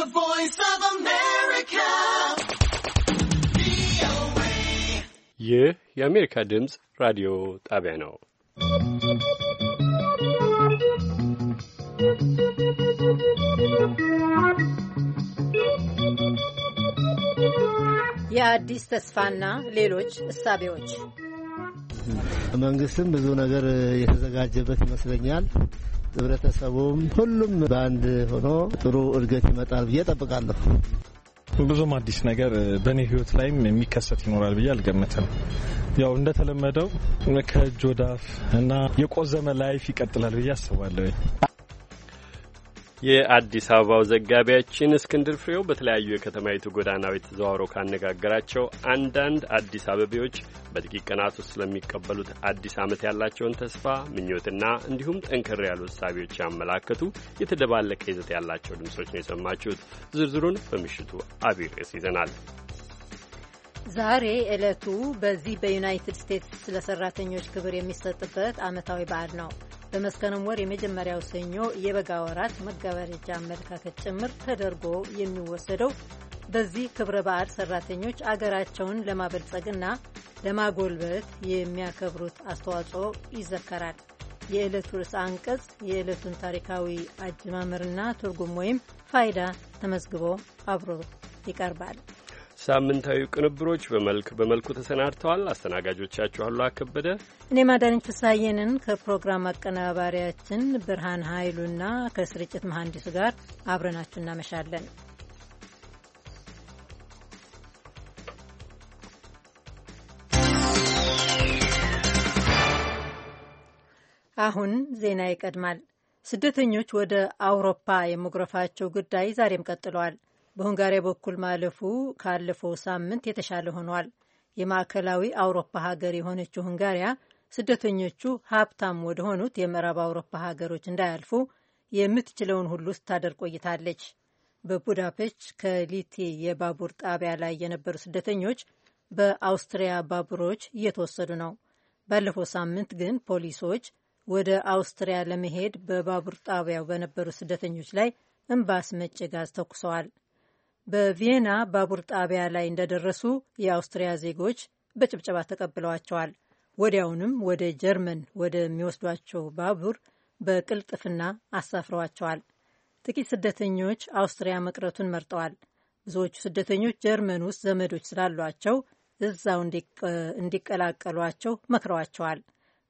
The Voice of America. ይህ የአሜሪካ ድምፅ ራዲዮ ጣቢያ ነው። የአዲስ ተስፋና ሌሎች እሳቤዎች መንግስትም ብዙ ነገር የተዘጋጀበት ይመስለኛል። ህብረተሰቡም ሁሉም በአንድ ሆኖ ጥሩ እድገት ይመጣል ብዬ ጠብቃለሁ። ብዙም አዲስ ነገር በእኔ ህይወት ላይም የሚከሰት ይኖራል ብዬ አልገምትም። ያው እንደተለመደው ከእጅ ወደ አፍ እና የቆዘመ ላይፍ ይቀጥላል ብዬ አስባለሁ። የአዲስ አበባው ዘጋቢያችን እስክንድር ፍሬው በተለያዩ የከተማይቱ ጎዳናዎች ተዘዋውሮ ካነጋገራቸው አንዳንድ አዲስ አበቤዎች በጥቂት ቀናት ውስጥ ስለሚቀበሉት አዲስ ዓመት ያላቸውን ተስፋ ምኞትና እንዲሁም ጠንከር ያሉ እሳቤዎች ያመላከቱ የተደባለቀ ይዘት ያላቸው ድምጾች ነው የሰማችሁት። ዝርዝሩን በምሽቱ አብይ ርዕስ ይዘናል። ዛሬ ዕለቱ በዚህ በዩናይትድ ስቴትስ ለሰራተኞች ክብር የሚሰጥበት ዓመታዊ በዓል ነው። በመስከረም ወር የመጀመሪያው ሰኞ የበጋ ወራት መገባደጃ አመለካከት ጭምር ተደርጎ የሚወሰደው በዚህ ክብረ በዓል ሰራተኞች አገራቸውን ለማበልጸግና ለማጎልበት የሚያከብሩት አስተዋጽኦ ይዘከራል። የዕለቱ ርዕሰ አንቀጽ የዕለቱን ታሪካዊ አጀማመርና ትርጉም ወይም ፋይዳ ተመዝግቦ አብሮ ይቀርባል። ሳምንታዊ ቅንብሮች በመልክ በመልኩ ተሰናድተዋል። አስተናጋጆቻችሁ አሉ አከበደ፣ እኔ ማዳነኝ ፍሳዬንን ከፕሮግራም አቀናባሪያችን ብርሃን ኃይሉና ከስርጭት መሐንዲሱ ጋር አብረናችሁ እናመሻለን። አሁን ዜና ይቀድማል። ስደተኞች ወደ አውሮፓ የመጉረፋቸው ጉዳይ ዛሬም ቀጥለዋል። በሁንጋሪያ በኩል ማለፉ ካለፈው ሳምንት የተሻለ ሆኗል። የማዕከላዊ አውሮፓ ሀገር የሆነችው ሁንጋሪያ ስደተኞቹ ሀብታም ወደ ሆኑት የምዕራብ አውሮፓ ሀገሮች እንዳያልፉ የምትችለውን ሁሉ ስታደር ቆይታለች። በቡዳፔስት ከሊቲ የባቡር ጣቢያ ላይ የነበሩ ስደተኞች በአውስትሪያ ባቡሮች እየተወሰዱ ነው። ባለፈው ሳምንት ግን ፖሊሶች ወደ አውስትሪያ ለመሄድ በባቡር ጣቢያው በነበሩ ስደተኞች ላይ እንባስ መጭ ጋዝ ተኩሰዋል። በቪየና ባቡር ጣቢያ ላይ እንደደረሱ የአውስትሪያ ዜጎች በጭብጨባ ተቀብለዋቸዋል። ወዲያውንም ወደ ጀርመን ወደሚወስዷቸው ባቡር በቅልጥፍና አሳፍረዋቸዋል። ጥቂት ስደተኞች አውስትሪያ መቅረቱን መርጠዋል። ብዙዎቹ ስደተኞች ጀርመን ውስጥ ዘመዶች ስላሏቸው እዛው እንዲቀላቀሏቸው መክረዋቸዋል።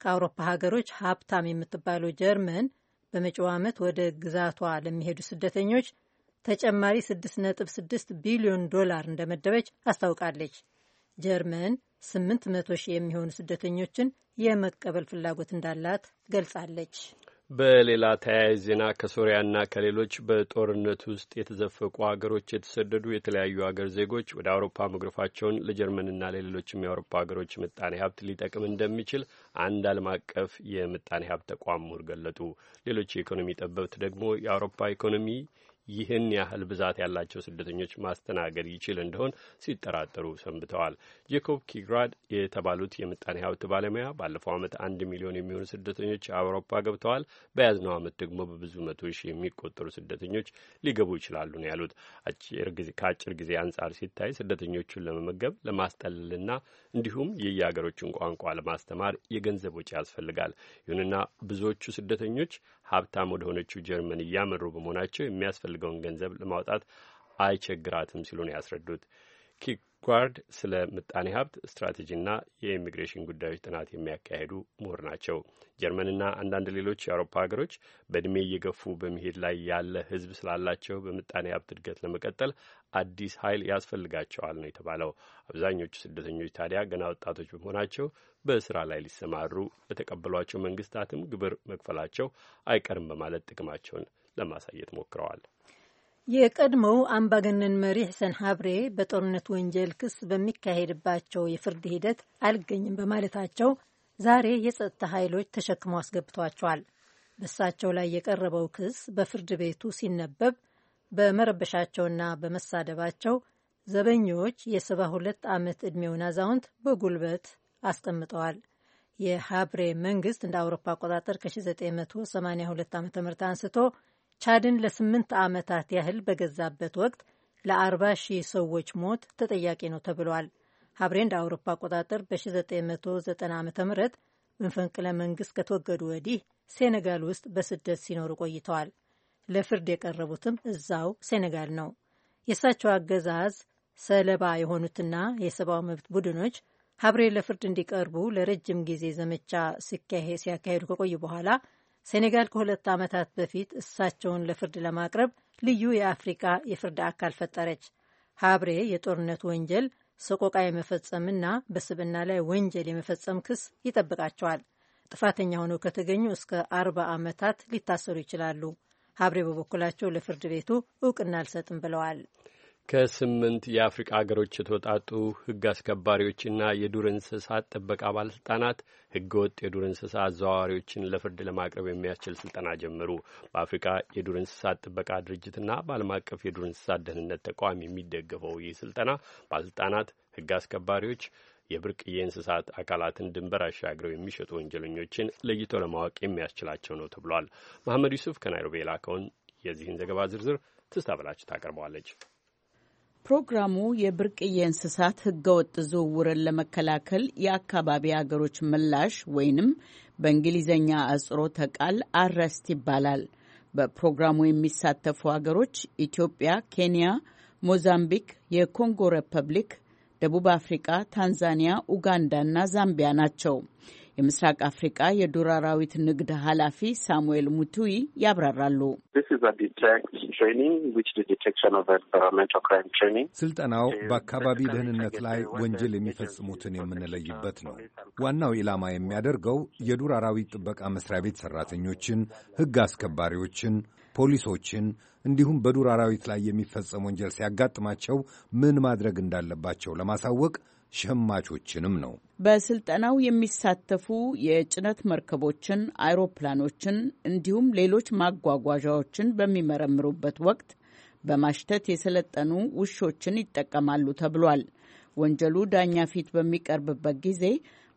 ከአውሮፓ ሀገሮች ሀብታም የምትባለው ጀርመን በመጪው ዓመት ወደ ግዛቷ ለሚሄዱ ስደተኞች ተጨማሪ 6.6 ቢሊዮን ዶላር እንደመደበች አስታውቃለች። ጀርመን 800 ሺህ የሚሆኑ ስደተኞችን የመቀበል ፍላጎት እንዳላት ገልጻለች። በሌላ ተያያዥ ዜና ከሶሪያና ከሌሎች በጦርነት ውስጥ የተዘፈቁ ሀገሮች የተሰደዱ የተለያዩ አገር ዜጎች ወደ አውሮፓ መግረፋቸውን ለጀርመንና ለሌሎችም የአውሮፓ ሀገሮች ምጣኔ ሀብት ሊጠቅም እንደሚችል አንድ ዓለም አቀፍ የምጣኔ ሀብት ተቋም ምሁር ገለጡ። ሌሎች የኢኮኖሚ ጠበብት ደግሞ የአውሮፓ ኢኮኖሚ ይህን ያህል ብዛት ያላቸው ስደተኞች ማስተናገድ ይችል እንደሆን ሲጠራጠሩ ሰንብተዋል። ጄኮብ ኪግራድ የተባሉት የምጣኔ ሀብት ባለሙያ ባለፈው ዓመት አንድ ሚሊዮን የሚሆኑ ስደተኞች አውሮፓ ገብተዋል፣ በያዝነው ዓመት ደግሞ በብዙ መቶ ሺህ የሚቆጠሩ ስደተኞች ሊገቡ ይችላሉ ነው ያሉት። ከአጭር ጊዜ አንጻር ሲታይ ስደተኞቹን ለመመገብ ለማስጠለልና እንዲሁም የየሀገሮችን ቋንቋ ለማስተማር የገንዘብ ወጪ ያስፈልጋል። ይሁንና ብዙዎቹ ስደተኞች ሀብታም ወደ ሆነችው ጀርመን እያመሩ በመሆናቸው የሚያስፈልገውን ገንዘብ ለማውጣት አይቸግራትም ሲሉ ነው ያስረዱት። ጓርድ ስለ ምጣኔ ሀብት ስትራቴጂና የኢሚግሬሽን ጉዳዮች ጥናት የሚያካሄዱ ምሁር ናቸው። ጀርመንና አንዳንድ ሌሎች የአውሮፓ ሀገሮች በእድሜ እየገፉ በመሄድ ላይ ያለ ሕዝብ ስላላቸው በምጣኔ ሀብት እድገት ለመቀጠል አዲስ ኃይል ያስፈልጋቸዋል ነው የተባለው። አብዛኞቹ ስደተኞች ታዲያ ገና ወጣቶች በመሆናቸው በስራ ላይ ሊሰማሩ ለተቀበሏቸው መንግስታትም ግብር መክፈላቸው አይቀርም በማለት ጥቅማቸውን ለማሳየት ሞክረዋል። የቀድሞው አምባገነን መሪ ሕሰን ሀብሬ በጦርነት ወንጀል ክስ በሚካሄድባቸው የፍርድ ሂደት አልገኝም በማለታቸው ዛሬ የጸጥታ ኃይሎች ተሸክመው አስገብቷቸዋል። በእሳቸው ላይ የቀረበው ክስ በፍርድ ቤቱ ሲነበብ በመረበሻቸውና በመሳደባቸው ዘበኞች የሰባ ሁለት ዓመት ዕድሜውን አዛውንት በጉልበት አስቀምጠዋል። የሀብሬ መንግስት እንደ አውሮፓ አቆጣጠር ከ1982 ዓ ም አንስቶ ቻድን ለስምንት ዓመታት ያህል በገዛበት ወቅት ለ ሺህ ሰዎች ሞት ተጠያቂ ነው ተብሏል። ሀብሬ እንደ አውሮፓ አቆጣጠር በ1990 ዓ ም በመፈንቅለ መንግስት ከተወገዱ ወዲህ ሴኔጋል ውስጥ በስደት ሲኖሩ ቆይተዋል። ለፍርድ የቀረቡትም እዛው ሴኔጋል ነው። የእሳቸው አገዛዝ ሰለባ የሆኑትና የሰብአዊ መብት ቡድኖች ሀብሬ ለፍርድ እንዲቀርቡ ለረጅም ጊዜ ዘመቻ ሲያካሄዱ ከቆዩ በኋላ ሴኔጋል ከሁለት ዓመታት በፊት እሳቸውን ለፍርድ ለማቅረብ ልዩ የአፍሪቃ የፍርድ አካል ፈጠረች። ሀብሬ የጦርነት ወንጀል፣ ሰቆቃ የመፈጸምና በስብና ላይ ወንጀል የመፈጸም ክስ ይጠብቃቸዋል። ጥፋተኛ ሆነው ከተገኙ እስከ አርባ ዓመታት ሊታሰሩ ይችላሉ። ሀብሬ በበኩላቸው ለፍርድ ቤቱ እውቅና አልሰጥም ብለዋል። ከስምንት የአፍሪቃ አገሮች የተወጣጡ ሕግ አስከባሪዎችና የዱር እንስሳት ጥበቃ ባለስልጣናት ወጥ የዱር እንስሳ አዘዋዋሪዎችን ለፍርድ ለማቅረብ የሚያስችል ስልጠና ጀመሩ። በአፍሪካ የዱር እንስሳት ጥበቃ ድርጅትና በዓለም አቀፍ የዱር እንስሳት ደህንነት ተቋም የሚደገፈው ይህ ስልጠና ባለስልጣናት፣ ሕግ አስከባሪዎች የብርቅዬ የእንስሳት አካላትን ድንበር አሻግረው የሚሸጡ ወንጀለኞችን ለይቶ ለማወቅ የሚያስችላቸው ነው ተብሏል። መሐመድ ዩሱፍ ከናይሮቢ የላከውን የዚህን ዘገባ ዝርዝር ትስታ በላችሁ ታቀርበዋለች። ፕሮግራሙ የብርቅዬ እንስሳት ህገወጥ ዝውውርን ለመከላከል የአካባቢ ሀገሮች ምላሽ ወይንም በእንግሊዝኛ አጽሮተ ቃል አረስት ይባላል። በፕሮግራሙ የሚሳተፉ ሀገሮች ኢትዮጵያ፣ ኬንያ፣ ሞዛምቢክ፣ የኮንጎ ሪፐብሊክ፣ ደቡብ አፍሪቃ፣ ታንዛኒያ፣ ኡጋንዳ እና ዛምቢያ ናቸው። የምስራቅ አፍሪቃ የዱር አራዊት ንግድ ኃላፊ ሳሙኤል ሙቱይ ያብራራሉ። ስልጠናው በአካባቢ ደህንነት ላይ ወንጀል የሚፈጽሙትን የምንለይበት ነው። ዋናው ኢላማ የሚያደርገው የዱር አራዊት ጥበቃ መስሪያ ቤት ሰራተኞችን፣ ህግ አስከባሪዎችን፣ ፖሊሶችን እንዲሁም በዱር አራዊት ላይ የሚፈጸም ወንጀል ሲያጋጥማቸው ምን ማድረግ እንዳለባቸው ለማሳወቅ ሸማቾችንም ነው። በስልጠናው የሚሳተፉ የጭነት መርከቦችን፣ አይሮፕላኖችን እንዲሁም ሌሎች ማጓጓዣዎችን በሚመረምሩበት ወቅት በማሽተት የሰለጠኑ ውሾችን ይጠቀማሉ ተብሏል። ወንጀሉ ዳኛ ፊት በሚቀርብበት ጊዜ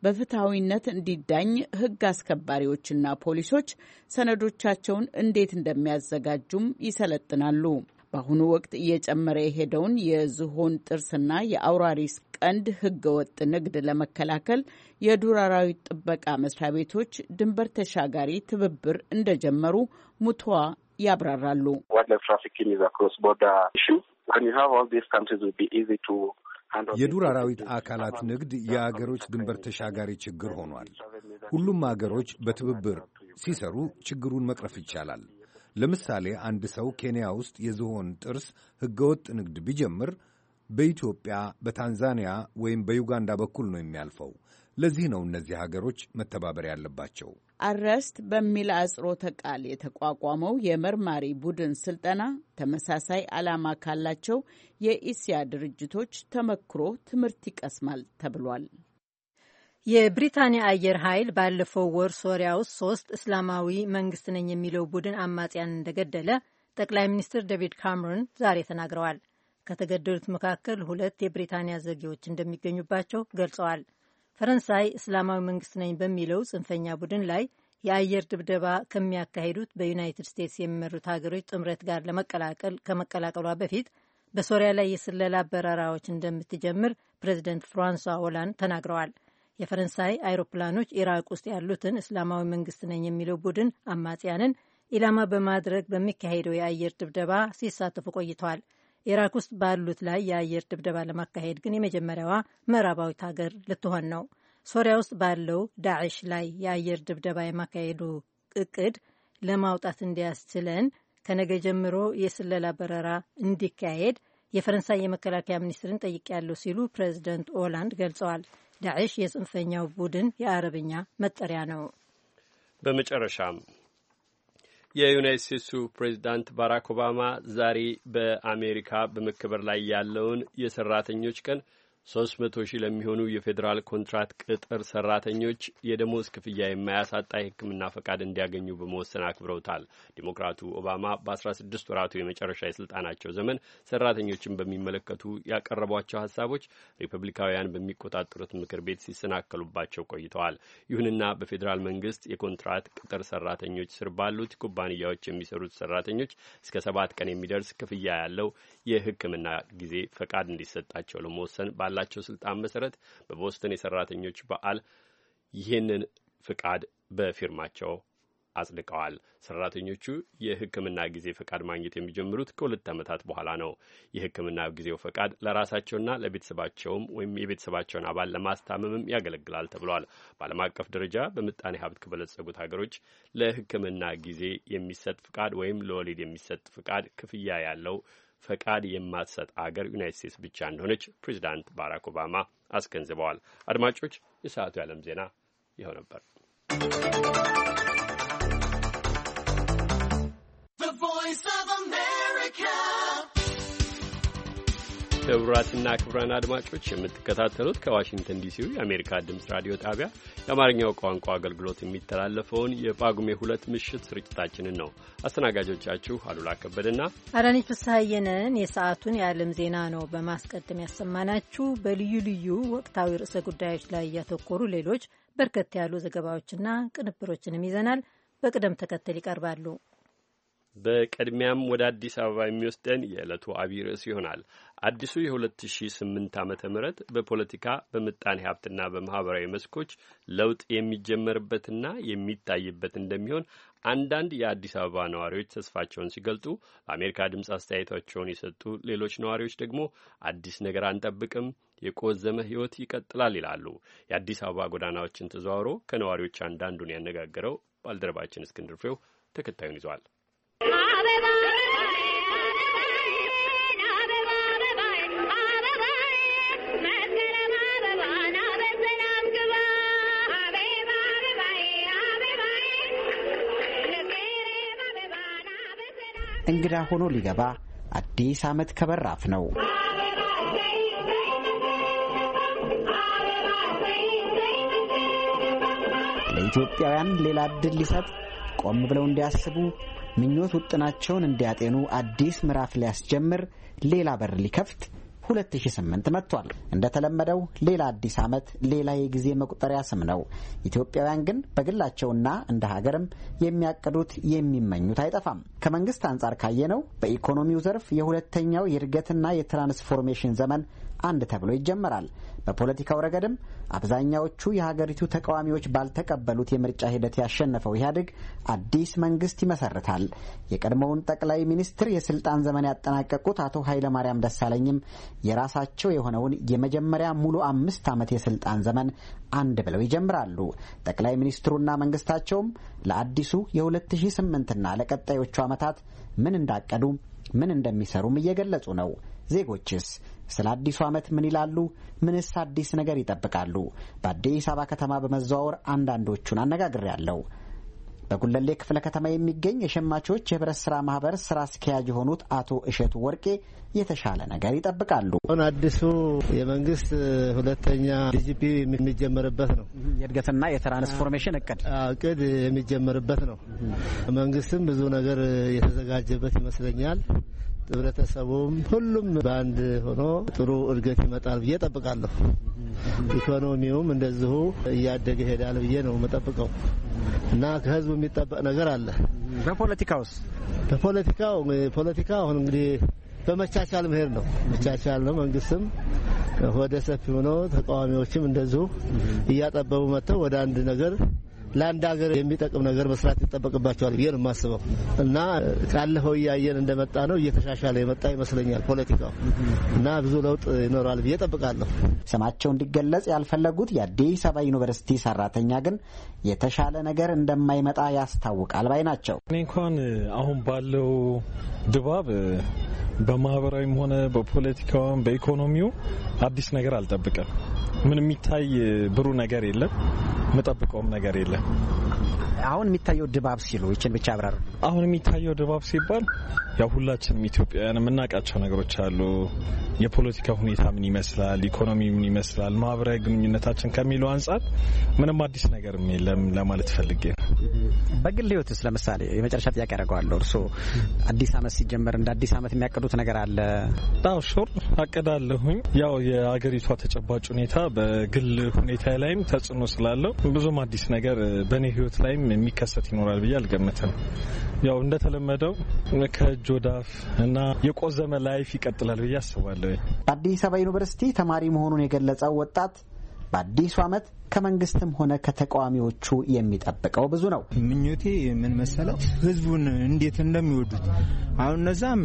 በፍትሐዊነት እንዲዳኝ ሕግ አስከባሪዎችና ፖሊሶች ሰነዶቻቸውን እንዴት እንደሚያዘጋጁም ይሰለጥናሉ። በአሁኑ ወቅት እየጨመረ የሄደውን የዝሆን ጥርስና የአውራሪስ ቀንድ ህገወጥ ንግድ ለመከላከል የዱር አራዊት ጥበቃ መስሪያ ቤቶች ድንበር ተሻጋሪ ትብብር እንደጀመሩ ሙቷ ያብራራሉ። የዱር አራዊት አካላት ንግድ የአገሮች ድንበር ተሻጋሪ ችግር ሆኗል። ሁሉም አገሮች በትብብር ሲሰሩ ችግሩን መቅረፍ ይቻላል። ለምሳሌ አንድ ሰው ኬንያ ውስጥ የዝሆን ጥርስ ሕገወጥ ንግድ ቢጀምር በኢትዮጵያ፣ በታንዛኒያ ወይም በዩጋንዳ በኩል ነው የሚያልፈው። ለዚህ ነው እነዚህ ሀገሮች መተባበር ያለባቸው። አረስት በሚል አጽሮተ ቃል የተቋቋመው የመርማሪ ቡድን ስልጠና ተመሳሳይ ዓላማ ካላቸው የኢሲያ ድርጅቶች ተመክሮ ትምህርት ይቀስማል ተብሏል። የብሪታንያ አየር ኃይል ባለፈው ወር ሶሪያ ውስጥ ሶስት እስላማዊ መንግስት ነኝ የሚለው ቡድን አማጽያን እንደገደለ ጠቅላይ ሚኒስትር ዴቪድ ካምሮን ዛሬ ተናግረዋል። ከተገደሉት መካከል ሁለት የብሪታንያ ዜጎች እንደሚገኙባቸው ገልጸዋል። ፈረንሳይ እስላማዊ መንግስት ነኝ በሚለው ጽንፈኛ ቡድን ላይ የአየር ድብደባ ከሚያካሂዱት በዩናይትድ ስቴትስ የሚመሩት ሀገሮች ጥምረት ጋር ለመቀላቀል ከመቀላቀሏ በፊት በሶሪያ ላይ የስለላ በረራዎች እንደምትጀምር ፕሬዚደንት ፍራንሷ ሆላንድ ተናግረዋል። የፈረንሳይ አይሮፕላኖች ኢራቅ ውስጥ ያሉትን እስላማዊ መንግስት ነኝ የሚለው ቡድን አማጽያንን ኢላማ በማድረግ በሚካሄደው የአየር ድብደባ ሲሳተፉ ቆይተዋል። ኢራቅ ውስጥ ባሉት ላይ የአየር ድብደባ ለማካሄድ ግን የመጀመሪያዋ ምዕራባዊት ሀገር ልትሆን ነው። ሶሪያ ውስጥ ባለው ዳዕሽ ላይ የአየር ድብደባ የማካሄዱ እቅድ ለማውጣት እንዲያስችለን ከነገ ጀምሮ የስለላ በረራ እንዲካሄድ የፈረንሳይ የመከላከያ ሚኒስትርን ጠይቄያለሁ ሲሉ ፕሬዚደንት ኦላንድ ገልጸዋል። ዳዕሽ የጽንፈኛው ቡድን የአረብኛ መጠሪያ ነው። በመጨረሻም የዩናይት ስቴትሱ ፕሬዚዳንት ባራክ ኦባማ ዛሬ በአሜሪካ በመከበር ላይ ያለውን የሰራተኞች ቀን ሶስት መቶ ሺህ ለሚሆኑ የፌዴራል ኮንትራት ቅጥር ሰራተኞች የደሞዝ ክፍያ የማያሳጣ የሕክምና ፈቃድ እንዲያገኙ በመወሰን አክብረውታል። ዴሞክራቱ ኦባማ በአስራ ስድስት ወራቱ የመጨረሻ የስልጣናቸው ዘመን ሰራተኞችን በሚመለከቱ ያቀረቧቸው ሀሳቦች ሪፐብሊካውያን በሚቆጣጠሩት ምክር ቤት ሲሰናከሉባቸው ቆይተዋል። ይሁንና በፌዴራል መንግስት የኮንትራት ቅጥር ሰራተኞች ስር ባሉት ኩባንያዎች የሚሰሩት ሰራተኞች እስከ ሰባት ቀን የሚደርስ ክፍያ ያለው የሕክምና ጊዜ ፈቃድ እንዲሰጣቸው ለመወሰን ባላቸው ስልጣን መሰረት በቦስተን የሰራተኞች በዓል ይህንን ፍቃድ በፊርማቸው አጽድቀዋል። ሰራተኞቹ የህክምና ጊዜ ፈቃድ ማግኘት የሚጀምሩት ከሁለት ዓመታት በኋላ ነው። የህክምና ጊዜው ፈቃድ ለራሳቸውና ለቤተሰባቸውም ወይም የቤተሰባቸውን አባል ለማስታመምም ያገለግላል ተብሏል። በዓለም አቀፍ ደረጃ በምጣኔ ሀብት ከበለጸጉት ሀገሮች ለህክምና ጊዜ የሚሰጥ ፍቃድ ወይም ለወሊድ የሚሰጥ ፍቃድ ክፍያ ያለው ፈቃድ የማትሰጥ አገር ዩናይት ስቴትስ ብቻ እንደሆነች ፕሬዚዳንት ባራክ ኦባማ አስገንዝበዋል። አድማጮች፣ የሰዓቱ የዓለም ዜና ይኸው ነበር። ክቡራትና ክቡራን አድማጮች የምትከታተሉት ከዋሽንግተን ዲሲው የአሜሪካ ድምፅ ራዲዮ ጣቢያ የአማርኛው ቋንቋ አገልግሎት የሚተላለፈውን የጳጉሜ ሁለት ምሽት ስርጭታችንን ነው። አስተናጋጆቻችሁ አሉላ ከበደና አዳነች ፍስሐየንን የሰዓቱን የዓለም ዜና ነው በማስቀደም ያሰማናችሁ። በልዩ ልዩ ወቅታዊ ርዕሰ ጉዳዮች ላይ እያተኮሩ ሌሎች በርከት ያሉ ዘገባዎችና ቅንብሮችንም ይዘናል። በቅደም ተከተል ይቀርባሉ። በቅድሚያም ወደ አዲስ አበባ የሚወስደን የዕለቱ አቢርዕስ ርዕስ ይሆናል። አዲሱ የ2008 ዓ ም በፖለቲካ በምጣኔ ሀብትና በማህበራዊ መስኮች ለውጥ የሚጀመርበትና የሚታይበት እንደሚሆን አንዳንድ የአዲስ አበባ ነዋሪዎች ተስፋቸውን ሲገልጡ፣ ለአሜሪካ ድምፅ አስተያየታቸውን የሰጡ ሌሎች ነዋሪዎች ደግሞ አዲስ ነገር አንጠብቅም፣ የቆዘመ ሕይወት ይቀጥላል ይላሉ። የአዲስ አበባ ጎዳናዎችን ተዘዋውሮ ከነዋሪዎች አንዳንዱን ያነጋገረው ባልደረባችን እስክንድር ፍሬው ተከታዩን ይዟል። እንግዳ ሆኖ ሊገባ አዲስ ዓመት ከበራፍ ነው። ለኢትዮጵያውያን ሌላ ዕድል ሊሰጥ ቆም ብለው እንዲያስቡ ምኞት ውጥናቸውን እንዲያጤኑ አዲስ ምዕራፍ ሊያስጀምር ሌላ በር ሊከፍት 2008 መጥቷል። እንደተለመደው ሌላ አዲስ ዓመት፣ ሌላ የጊዜ መቁጠሪያ ስም ነው። ኢትዮጵያውያን ግን በግላቸውና እንደ ሀገርም የሚያቅዱት የሚመኙት አይጠፋም። ከመንግስት አንጻር ካየነው በኢኮኖሚው ዘርፍ የሁለተኛው የእድገትና የትራንስፎርሜሽን ዘመን አንድ ተብሎ ይጀመራል። በፖለቲካው ረገድም አብዛኛዎቹ የሀገሪቱ ተቃዋሚዎች ባልተቀበሉት የምርጫ ሂደት ያሸነፈው ኢህአዴግ አዲስ መንግስት ይመሰርታል። የቀድሞውን ጠቅላይ ሚኒስትር የስልጣን ዘመን ያጠናቀቁት አቶ ኃይለማርያም ደሳለኝም የራሳቸው የሆነውን የመጀመሪያ ሙሉ አምስት ዓመት የስልጣን ዘመን አንድ ብለው ይጀምራሉ። ጠቅላይ ሚኒስትሩና መንግስታቸውም ለአዲሱ የ2008ና ለቀጣዮቹ ዓመታት ምን እንዳቀዱ ምን እንደሚሰሩም እየገለጹ ነው። ዜጎችስ ስለ አዲሱ ዓመት ምን ይላሉ? ምንስ አዲስ ነገር ይጠብቃሉ? በአዲስ አበባ ከተማ በመዘዋወር አንዳንዶቹን አነጋግሬያለሁ። በጉለሌ ክፍለ ከተማ የሚገኝ የሸማቾች የህብረት ስራ ማህበር ስራ አስኪያጅ የሆኑት አቶ እሸቱ ወርቄ የተሻለ ነገር ይጠብቃሉ። አሁን አዲሱ የመንግስት ሁለተኛ ዲጂፒ የሚጀመርበት ነው። የእድገትና የትራንስፎርሜሽን እቅድ እቅድ የሚጀመርበት ነው። መንግስትም ብዙ ነገር የተዘጋጀበት ይመስለኛል። ህብረተሰቡም ሁሉም በአንድ ሆኖ ጥሩ እድገት ይመጣል ብዬ ጠብቃለሁ። ኢኮኖሚውም እንደዚሁ እያደገ ይሄዳል ብዬ ነው የምጠብቀው እና ከህዝቡ የሚጠበቅ ነገር አለ። በፖለቲካውስ በፖለቲካው ፖለቲካ አሁን እንግዲህ በመቻቻል መሄድ ነው። መቻቻል ነው። መንግስትም ወደ ሰፊ ሆኖ ተቃዋሚዎችም እንደዚሁ እያጠበቡ መጥተው ወደ አንድ ነገር ለአንድ ሀገር የሚጠቅም ነገር መስራት ይጠበቅባቸዋል ብዬ ነው የማስበው እና ካለፈው እያየን እንደመጣ ነው እየተሻሻለ የመጣ ይመስለኛል ፖለቲካው እና ብዙ ለውጥ ይኖራል ብዬ ጠብቃለሁ። ስማቸው እንዲገለጽ ያልፈለጉት የአዲስ አበባ ዩኒቨርሲቲ ሰራተኛ ግን የተሻለ ነገር እንደማይመጣ ያስታውቃል ባይ ናቸው። እኔ እንኳን አሁን ባለው ድባብ በማህበራዊም ሆነ በፖለቲካውም በኢኮኖሚው አዲስ ነገር አልጠብቅም። ምን የሚታይ ብሩ ነገር የለም፣ የምጠብቀውም ነገር የለም። አሁን የሚታየው ድባብ ሲሉ ይችን ብቻ አብራሩ። አሁን የሚታየው ድባብ ሲባል ያው ሁላችንም ኢትዮጵያውያን የምናውቃቸው ነገሮች አሉ። የፖለቲካ ሁኔታ ምን ይመስላል፣ ኢኮኖሚ ምን ይመስላል፣ ማህበራዊ ግንኙነታችን ከሚሉ አንጻር ምንም አዲስ ነገርም የለም ለማለት ፈልጌ ነው። በግል ውስጥ ለምሳሌ የመጨረሻ ጥያቄ ያደርገዋለሁ። እርስዎ አዲስ አመት ሲጀመር እንደ አዲስ አመት የሚያቅዱት ነገር አለ? አዎ ሹር አቅዳለሁኝ። ያው የአገሪቷ ተጨባጭ ሁኔታ በግል ሁኔታ ላይም ተጽዕኖ ስላለው ብዙም አዲስ ነገር በእኔ ህይወት ላይ ላይም የሚከሰት ይኖራል ብዬ አልገምትም። ያው እንደተለመደው ከእጅ ወዳፍ እና የቆዘመ ላይፍ ይቀጥላል ብዬ አስባለሁ። በአዲስ አበባ ዩኒቨርሲቲ ተማሪ መሆኑን የገለጸው ወጣት በአዲሱ ዓመት ከመንግስትም ሆነ ከተቃዋሚዎቹ የሚጠብቀው ብዙ ነው። ምኞቴ ምን መሰለው ህዝቡን እንዴት እንደሚወዱት አሁን እነዛም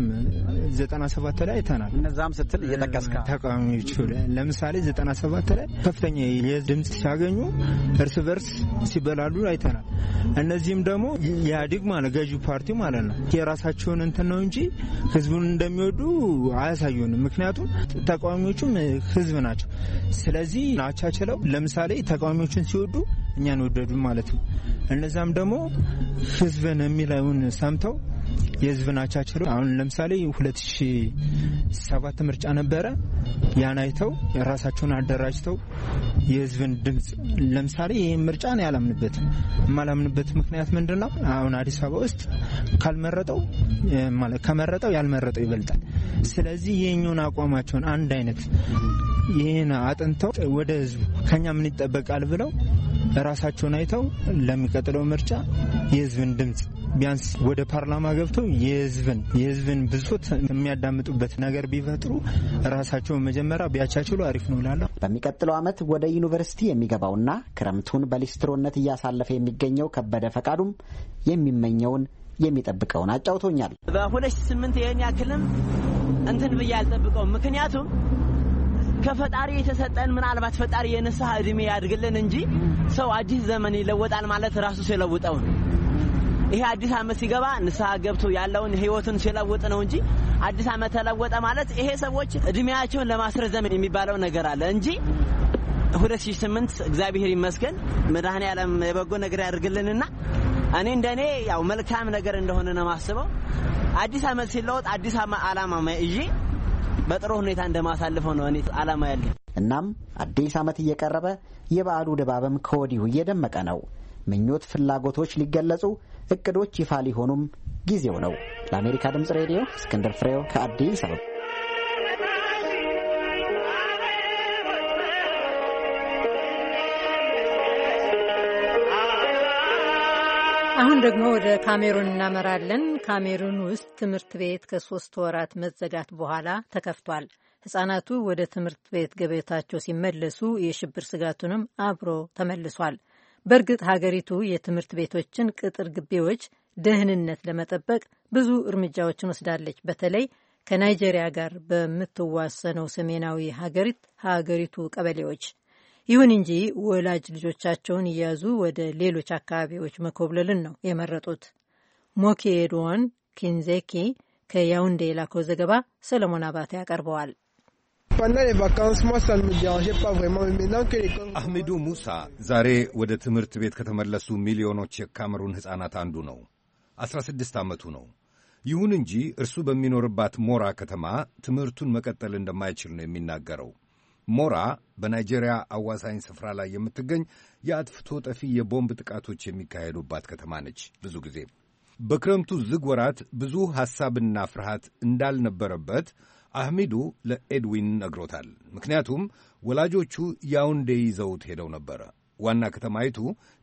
ዘጠና ሰባት ላይ አይተናል። እነዛም ስትል እየጠቀስከ ተቃዋሚዎቹ ለምሳሌ ዘጠና ሰባት ላይ ከፍተኛ ድምፅ ሲያገኙ እርስ በርስ ሲበላሉ አይተናል። እነዚህም ደግሞ ኢህአዴግ ማለት ገዢ ፓርቲ ማለት ነው የራሳቸውን እንትን ነው እንጂ ህዝቡን እንደሚወዱ አያሳዩንም። ምክንያቱም ተቃዋሚዎቹም ህዝብ ናቸው። ስለዚህ አቻችለው ለምሳሌ ተቃዋሚዎችን ሲወዱ እኛን ወደዱ ማለት ነው። እነዛም ደግሞ ህዝብን የሚለውን ሰምተው የህዝብ አቻችሎ አሁን ለምሳሌ 2007 ምርጫ ነበረ። ያን አይተው ራሳቸውን አደራጅተው የህዝብን ድምፅ ለምሳሌ ይህ ምርጫ ነው ያላምንበት። የማላምንበት ምክንያት ምንድን ነው? አሁን አዲስ አበባ ውስጥ ካልመረጠው ከመረጠው ያልመረጠው ይበልጣል። ስለዚህ ይህኛውን አቋማቸውን አንድ አይነት ይህን አጥንተው ወደ ህዝቡ ከኛ ምን ይጠበቃል ብለው ራሳቸውን አይተው ለሚቀጥለው ምርጫ የህዝብን ድምፅ ቢያንስ ወደ ፓርላማ ገብተው የህዝብን የህዝብን ብሶት የሚያዳምጡበት ነገር ቢፈጥሩ ራሳቸውን መጀመሪያ ቢያቻችሉ አሪፍ ነው እላለሁ። በሚቀጥለው ዓመት ወደ ዩኒቨርሲቲ የሚገባውና ክረምቱን በሊስትሮነት እያሳለፈ የሚገኘው ከበደ ፈቃዱም የሚመኘውን የሚጠብቀውን አጫውቶኛል። በሁለት ሺህ ስምንት ይህን ያክልም እንትን ብዬ አልጠብቀውም። ምክንያቱም ከፈጣሪ የተሰጠን ምናልባት ፈጣሪ የንስሐ እድሜ ያድግልን እንጂ ሰው አዲስ ዘመን ይለወጣል ማለት ራሱ ሲለውጠው ነው። ይሄ አዲስ አመት ሲገባ ንስሐ ገብቶ ያለውን ህይወቱን ሲለውጥ ነው እንጂ አዲስ አመት ተለወጠ ማለት ይሄ ሰዎች እድሜያቸውን ለማስረዘም የሚባለው ነገር አለ እንጂ 2008 እግዚአብሔር ይመስገን መድኃኔዓለም የበጎ ነገር ያድርግልንና እኔ እንደኔ ያው መልካም ነገር እንደሆነ ነው የማስበው። አዲስ ዓመት ሲለወጥ አዲስ ዓላማ ይዤ በጥሩ ሁኔታ እንደማሳልፈው ነው እኔ አላማ ያለ። እናም አዲስ ዓመት እየቀረበ የበዓሉ ድባብም ከወዲሁ እየደመቀ ነው። ምኞት፣ ፍላጎቶች ሊገለጹ እቅዶች ይፋ ሊሆኑም ጊዜው ነው። ለአሜሪካ ድምፅ ሬዲዮ እስክንድር ፍሬው ከአዲስ አበባ አሁን ደግሞ ወደ ካሜሩን እናመራለን። ካሜሩን ውስጥ ትምህርት ቤት ከሶስት ወራት መዘጋት በኋላ ተከፍቷል። ሕፃናቱ ወደ ትምህርት ቤት ገበታቸው ሲመለሱ የሽብር ስጋቱንም አብሮ ተመልሷል። በእርግጥ ሀገሪቱ የትምህርት ቤቶችን ቅጥር ግቢዎች ደህንነት ለመጠበቅ ብዙ እርምጃዎችን ወስዳለች። በተለይ ከናይጄሪያ ጋር በምትዋሰነው ሰሜናዊ ሀገሪት ሀገሪቱ ቀበሌዎች ይሁን እንጂ ወላጅ ልጆቻቸውን እያዙ ወደ ሌሎች አካባቢዎች መኮብለልን ነው የመረጡት። ሞኬዶን ኪንዜኪ ከያውንዴ የላከው ዘገባ ሰለሞን አባተ ያቀርበዋል። አህሜዱ ሙሳ ዛሬ ወደ ትምህርት ቤት ከተመለሱ ሚሊዮኖች የካሜሩን ሕፃናት አንዱ ነው። ዐሥራ ስድስት ዓመቱ ነው። ይሁን እንጂ እርሱ በሚኖርባት ሞራ ከተማ ትምህርቱን መቀጠል እንደማይችል ነው የሚናገረው። ሞራ በናይጄሪያ አዋሳኝ ስፍራ ላይ የምትገኝ የአጥፍቶ ጠፊ የቦምብ ጥቃቶች የሚካሄዱባት ከተማ ነች። ብዙ ጊዜ በክረምቱ ዝግ ወራት ብዙ ሐሳብና ፍርሃት እንዳልነበረበት አህሚዱ ለኤድዊን ነግሮታል። ምክንያቱም ወላጆቹ ያውንዴ ይዘውት ሄደው ነበረ። ዋና ከተማይቱ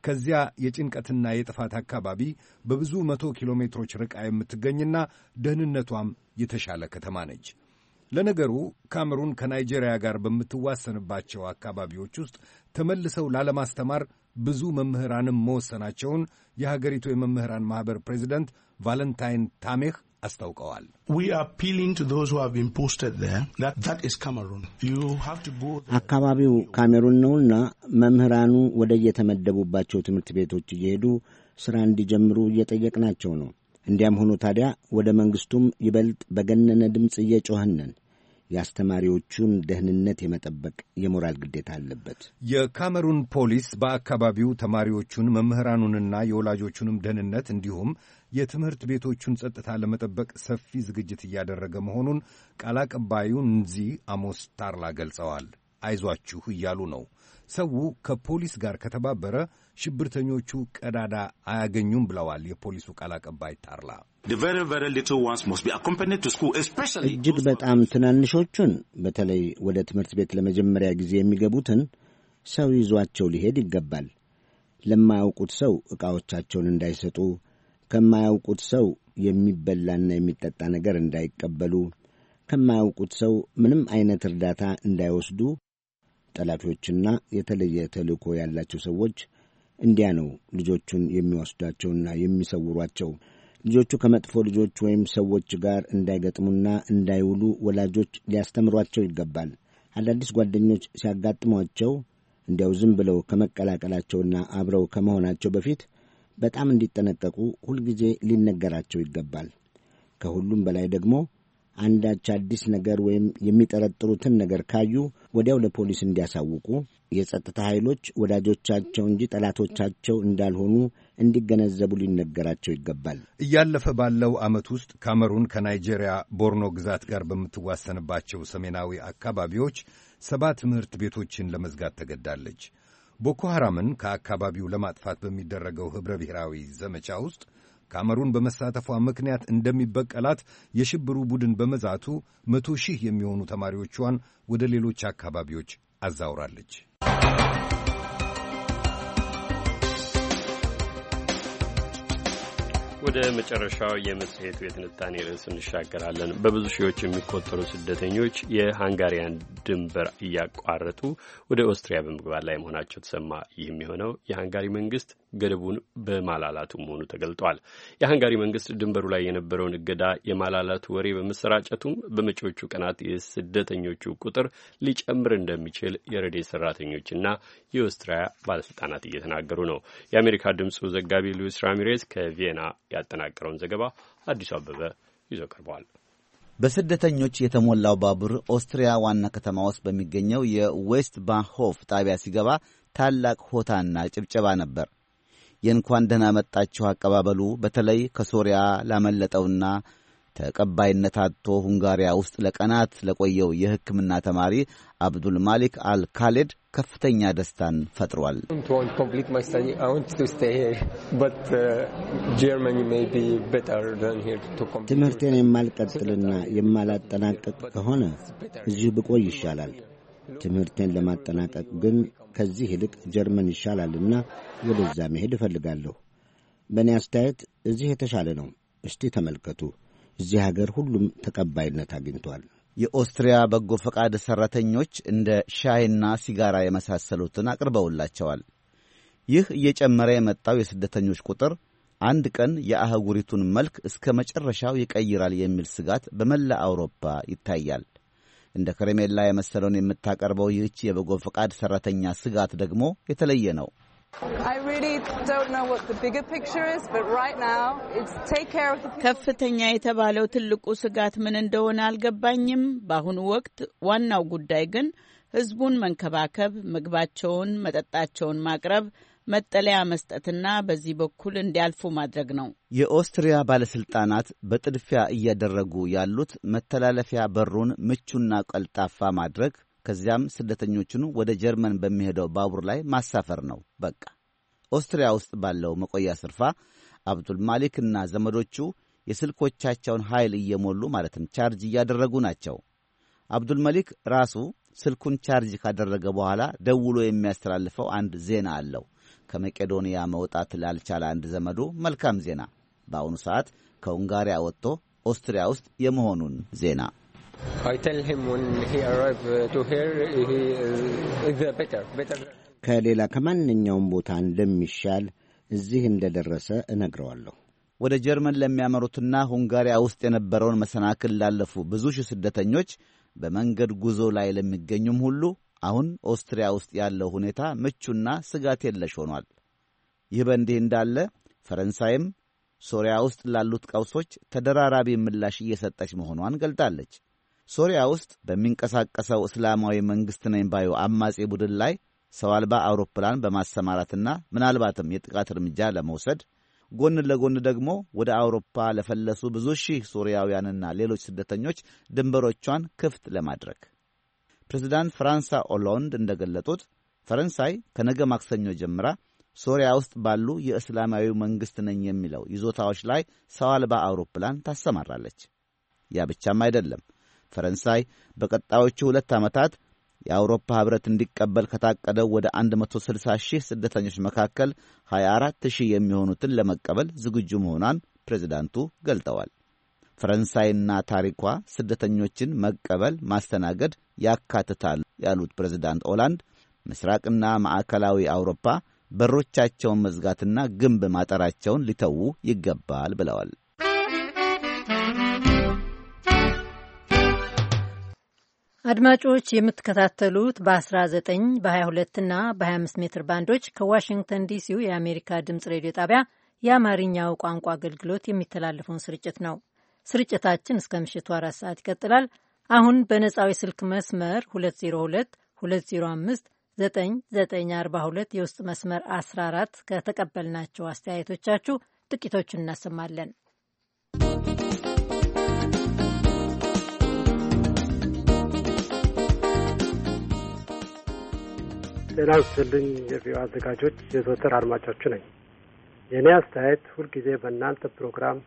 ከዚያ የጭንቀትና የጥፋት አካባቢ በብዙ መቶ ኪሎ ሜትሮች ርቃ የምትገኝና ደህንነቷም የተሻለ ከተማ ነች። ለነገሩ ካሜሩን ከናይጄሪያ ጋር በምትዋሰንባቸው አካባቢዎች ውስጥ ተመልሰው ላለማስተማር ብዙ መምህራንም መወሰናቸውን የሀገሪቱ የመምህራን ማኅበር ፕሬዚደንት ቫለንታይን ታሜህ አስታውቀዋል። አካባቢው ካሜሩን ነውና መምህራኑ ወደ የተመደቡባቸው ትምህርት ቤቶች እየሄዱ ሥራ እንዲጀምሩ እየጠየቅናቸው ነው። እንዲያም ሆኖ ታዲያ ወደ መንግሥቱም ይበልጥ በገነነ ድምፅ እየጮኸን የአስተማሪዎቹን ደህንነት የመጠበቅ የሞራል ግዴታ አለበት። የካሜሩን ፖሊስ በአካባቢው ተማሪዎቹን መምህራኑንና የወላጆቹንም ደህንነት እንዲሁም የትምህርት ቤቶቹን ጸጥታ ለመጠበቅ ሰፊ ዝግጅት እያደረገ መሆኑን ቃል አቀባዩ ንዚ አሞስ ታርላ ገልጸዋል። አይዟችሁ እያሉ ነው። ሰው ከፖሊስ ጋር ከተባበረ ሽብርተኞቹ ቀዳዳ አያገኙም ብለዋል የፖሊሱ ቃል አቀባይ ታርላ። እጅግ በጣም ትናንሾቹን በተለይ ወደ ትምህርት ቤት ለመጀመሪያ ጊዜ የሚገቡትን ሰው ይዟቸው ሊሄድ ይገባል። ለማያውቁት ሰው ዕቃዎቻቸውን እንዳይሰጡ፣ ከማያውቁት ሰው የሚበላና የሚጠጣ ነገር እንዳይቀበሉ ከማያውቁት ሰው ምንም አይነት እርዳታ እንዳይወስዱ ጠላፊዎችና የተለየ ተልእኮ ያላቸው ሰዎች እንዲያ ነው ልጆቹን የሚወስዷቸውና የሚሰውሯቸው። ልጆቹ ከመጥፎ ልጆች ወይም ሰዎች ጋር እንዳይገጥሙና እንዳይውሉ ወላጆች ሊያስተምሯቸው ይገባል። አዳዲስ ጓደኞች ሲያጋጥሟቸው እንዲያው ዝም ብለው ከመቀላቀላቸውና አብረው ከመሆናቸው በፊት በጣም እንዲጠነቀቁ ሁልጊዜ ሊነገራቸው ይገባል። ከሁሉም በላይ ደግሞ አንዳች አዲስ ነገር ወይም የሚጠረጥሩትን ነገር ካዩ ወዲያው ለፖሊስ እንዲያሳውቁ፣ የጸጥታ ኃይሎች ወዳጆቻቸው እንጂ ጠላቶቻቸው እንዳልሆኑ እንዲገነዘቡ ሊነገራቸው ይገባል። እያለፈ ባለው ዓመት ውስጥ ካሜሩን ከናይጄሪያ ቦርኖ ግዛት ጋር በምትዋሰንባቸው ሰሜናዊ አካባቢዎች ሰባ ትምህርት ቤቶችን ለመዝጋት ተገድዳለች። ቦኮ ሐራምን ከአካባቢው ለማጥፋት በሚደረገው ኅብረ ብሔራዊ ዘመቻ ውስጥ ካሜሩን በመሳተፏ ምክንያት እንደሚበቀላት የሽብሩ ቡድን በመዛቱ መቶ ሺህ የሚሆኑ ተማሪዎቿን ወደ ሌሎች አካባቢዎች አዛውራለች። ወደ መጨረሻው የመጽሔቱ የትንታኔ ርዕስ እንሻገራለን። በብዙ ሺዎች የሚቆጠሩ ስደተኞች የሃንጋሪያን ድንበር እያቋረጡ ወደ ኦስትሪያ በመግባት ላይ መሆናቸው ተሰማ። ይህም የሆነው የሃንጋሪ መንግስት ገደቡን በማላላቱ መሆኑ ተገልጧል። የሀንጋሪ መንግስት ድንበሩ ላይ የነበረውን እገዳ የማላላቱ ወሬ በመሰራጨቱም በመጪዎቹ ቀናት የስደተኞቹ ቁጥር ሊጨምር እንደሚችል የረዴ ሰራተኞችና የኦስትሪያ ባለስልጣናት እየተናገሩ ነው። የአሜሪካ ድምፁ ዘጋቢ ሉዊስ ራሚሬዝ ከቪየና ያጠናቀረውን ዘገባ አዲሱ አበበ ይዞ ቀርበዋል። በስደተኞች የተሞላው ባቡር ኦስትሪያ ዋና ከተማ ውስጥ በሚገኘው የዌስት ባንሆፍ ጣቢያ ሲገባ ታላቅ ሆታና ጭብጨባ ነበር። የእንኳን ደህና መጣችሁ አቀባበሉ በተለይ ከሶሪያ ላመለጠውና ተቀባይነት አጥቶ ሁንጋሪያ ውስጥ ለቀናት ለቆየው የሕክምና ተማሪ አብዱል ማሊክ አል ካሌድ ከፍተኛ ደስታን ፈጥሯል። uh, ትምህርቴን የማልቀጥልና የማላጠናቀቅ ከሆነ እዚሁ ብቆይ ይሻላል። ትምህርቴን ለማጠናቀቅ ግን ከዚህ ይልቅ ጀርመን ይሻላልና ወደዛ መሄድ እፈልጋለሁ። በእኔ አስተያየት እዚህ የተሻለ ነው። እስቲ ተመልከቱ። እዚህ ሀገር ሁሉም ተቀባይነት አግኝቷል። የኦስትሪያ በጎ ፈቃድ ሠራተኞች እንደ ሻይና ሲጋራ የመሳሰሉትን አቅርበውላቸዋል። ይህ እየጨመረ የመጣው የስደተኞች ቁጥር አንድ ቀን የአህጉሪቱን መልክ እስከ መጨረሻው ይቀይራል የሚል ስጋት በመላ አውሮፓ ይታያል። እንደ ከረሜላ የመሰለውን የምታቀርበው ይህች የበጎ ፈቃድ ሰራተኛ ስጋት ደግሞ የተለየ ነው። ከፍተኛ የተባለው ትልቁ ስጋት ምን እንደሆነ አልገባኝም። በአሁኑ ወቅት ዋናው ጉዳይ ግን ህዝቡን መንከባከብ፣ ምግባቸውን፣ መጠጣቸውን ማቅረብ መጠለያ መስጠትና በዚህ በኩል እንዲያልፉ ማድረግ ነው። የኦስትሪያ ባለሥልጣናት በጥድፊያ እያደረጉ ያሉት መተላለፊያ በሩን ምቹና ቀልጣፋ ማድረግ፣ ከዚያም ስደተኞቹን ወደ ጀርመን በሚሄደው ባቡር ላይ ማሳፈር ነው። በቃ ኦስትሪያ ውስጥ ባለው መቆያ ስርፋ አብዱልማሊክና ዘመዶቹ የስልኮቻቸውን ኃይል እየሞሉ ማለትም ቻርጅ እያደረጉ ናቸው። አብዱልመሊክ ራሱ ስልኩን ቻርጅ ካደረገ በኋላ ደውሎ የሚያስተላልፈው አንድ ዜና አለው። ከመቄዶንያ መውጣት ላልቻለ አንድ ዘመዱ መልካም ዜና በአሁኑ ሰዓት ከሁንጋሪያ ወጥቶ ኦስትሪያ ውስጥ የመሆኑን ዜና ከሌላ ከማንኛውም ቦታ እንደሚሻል እዚህ እንደደረሰ እነግረዋለሁ። ወደ ጀርመን ለሚያመሩትና ሁንጋሪያ ውስጥ የነበረውን መሰናክል ላለፉ ብዙ ሺህ ስደተኞች በመንገድ ጉዞ ላይ ለሚገኙም ሁሉ አሁን ኦስትሪያ ውስጥ ያለው ሁኔታ ምቹና ስጋት የለሽ ሆኗል። ይህ በእንዲህ እንዳለ ፈረንሳይም ሶሪያ ውስጥ ላሉት ቀውሶች ተደራራቢ ምላሽ እየሰጠች መሆኗን ገልጣለች። ሶሪያ ውስጥ በሚንቀሳቀሰው እስላማዊ መንግሥት ነኝ ባዩ ቡድን ላይ ሰው አልባ አውሮፕላን በማሰማራትና ምናልባትም የጥቃት እርምጃ ለመውሰድ ጎን ለጎን ደግሞ ወደ አውሮፓ ለፈለሱ ብዙ ሺህ ሶርያውያንና ሌሎች ስደተኞች ድንበሮቿን ክፍት ለማድረግ ፕሬዚዳንት ፍራንሷ ኦሎንድ እንደገለጡት ፈረንሳይ ከነገ ማክሰኞ ጀምራ ሶሪያ ውስጥ ባሉ የእስላማዊ መንግሥት ነኝ የሚለው ይዞታዎች ላይ ሰው አልባ አውሮፕላን ታሰማራለች። ያ ብቻም አይደለም። ፈረንሳይ በቀጣዮቹ ሁለት ዓመታት የአውሮፓ ኅብረት እንዲቀበል ከታቀደው ወደ 160 ሺህ ስደተኞች መካከል 24 ሺህ የሚሆኑትን ለመቀበል ዝግጁ መሆኗን ፕሬዚዳንቱ ገልጠዋል። ፈረንሳይና ታሪኳ ስደተኞችን መቀበል፣ ማስተናገድ ያካትታል ያሉት ፕሬዚዳንት ኦላንድ ምስራቅና ማዕከላዊ አውሮፓ በሮቻቸውን መዝጋትና ግንብ ማጠራቸውን ሊተዉ ይገባል ብለዋል። አድማጮች የምትከታተሉት በ19 በ22 እና በ25 ሜትር ባንዶች ከዋሽንግተን ዲሲው የአሜሪካ ድምፅ ሬዲዮ ጣቢያ የአማርኛው ቋንቋ አገልግሎት የሚተላለፈውን ስርጭት ነው። ስርጭታችን እስከ ምሽቱ አራት ሰዓት ይቀጥላል። አሁን በነጻው የስልክ መስመር 202 205 9942 የውስጥ መስመር 14 ከተቀበልናቸው አስተያየቶቻችሁ ጥቂቶቹን እናሰማለን። ጤና ይስጥልኝ የቪኦኤ አዘጋጆች፣ የዘወትር አድማጫችሁ ነኝ። የእኔ አስተያየት ሁልጊዜ በእናንተ ፕሮግራም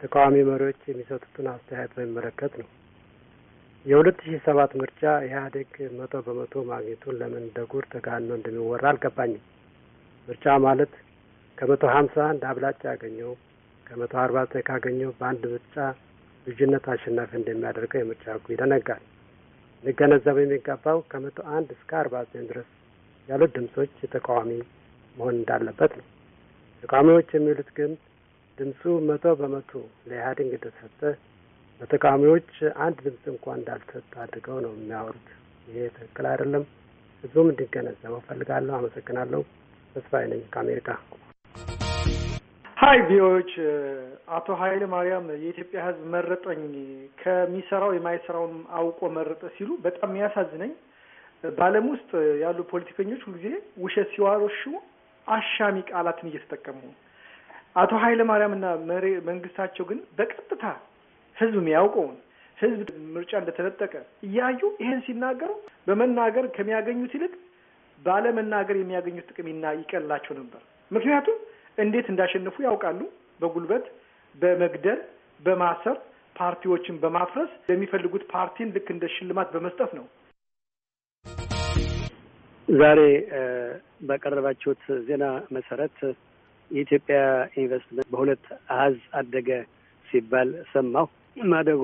ተቃዋሚ መሪዎች የሚሰጡትን አስተያየት በሚመለከት ነው። የሁለት ሺህ ሰባት ምርጫ ኢህአዴግ መቶ በመቶ ማግኘቱን ለምን ደጉር ተጋኖ እንደሚወራ አልገባኝም። ምርጫ ማለት ከመቶ ሀምሳ አንድ አብላጫ ያገኘው ከመቶ አርባ ዘጠኝ ካገኘው በአንድ ምርጫ ልዩነት አሸናፊ እንደሚያደርገው የምርጫ ህጉ ይደነጋል። ሊገነዘበው የሚገባው ከመቶ አንድ እስከ አርባ ዘጠኝ ድረስ ያሉት ድምጾች የተቃዋሚ መሆን እንዳለበት ነው። ተቃዋሚዎች የሚሉት ግን ድምፁ መቶ በመቶ ለኢህአዴግ እንደተሰጠ በተቃዋሚዎች አንድ ድምፅ እንኳን እንዳልሰጥ አድርገው ነው የሚያወሩት። ይሄ ትክክል አይደለም። ህዝቡም እንዲገነዘበው ፈልጋለሁ። አመሰግናለሁ። ተስፋዬ ነኝ ከአሜሪካ። ሀይ ቪዎች አቶ ኃይለ ማርያም የኢትዮጵያ ህዝብ መረጠኝ ከሚሰራው የማይሰራውን አውቆ መረጠ ሲሉ በጣም የሚያሳዝነኝ በዓለም ውስጥ ያሉ ፖለቲከኞች ሁልጊዜ ውሸት ሲዋሮሹ አሻሚ ቃላትን እየተጠቀሙ ነው። አቶ ኃይለ ማርያምና መሪ መንግስታቸው ግን በቀጥታ ህዝብ የሚያውቀውን ህዝብ ምርጫ እንደተነጠቀ እያዩ ይህን ሲናገሩ በመናገር ከሚያገኙት ይልቅ ባለመናገር የሚያገኙት ጥቅም ይቀላቸው ነበር። ምክንያቱም እንዴት እንዳሸነፉ ያውቃሉ። በጉልበት በመግደል፣ በማሰር፣ ፓርቲዎችን በማፍረስ የሚፈልጉት ፓርቲን ልክ እንደ ሽልማት በመስጠት ነው። ዛሬ በቀረባችሁት ዜና መሰረት የኢትዮጵያ ኢንቨስትመንት በሁለት አሀዝ አደገ ሲባል ሰማሁ። ማደጉ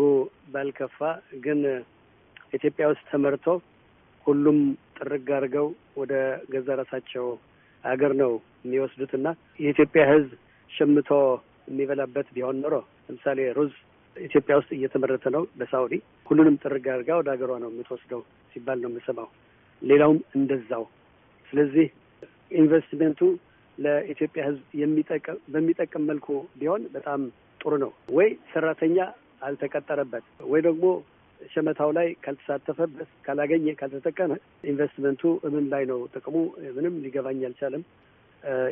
ባልከፋ ግን ኢትዮጵያ ውስጥ ተመርቶ ሁሉም ጥርግ አድርገው ወደ ገዛ ራሳቸው አገር ነው የሚወስዱትና የኢትዮጵያ ሕዝብ ሸምቶ የሚበላበት ቢሆን ኖሮ ለምሳሌ ሩዝ ኢትዮጵያ ውስጥ እየተመረተ ነው በሳውዲ ሁሉንም ጥርግ አድርጋ ወደ ሀገሯ ነው የምትወስደው ሲባል ነው የምሰማው። ሌላውም እንደዛው። ስለዚህ ኢንቨስትመንቱ ለኢትዮጵያ ሕዝብ በሚጠቅም መልኩ ቢሆን በጣም ጥሩ ነው። ወይ ሰራተኛ አልተቀጠረበት ወይ ደግሞ ሸመታው ላይ ካልተሳተፈበት ካላገኘ፣ ካልተጠቀመ ኢንቨስትመንቱ ምን ላይ ነው ጥቅሙ? ምንም ሊገባኝ አልቻለም።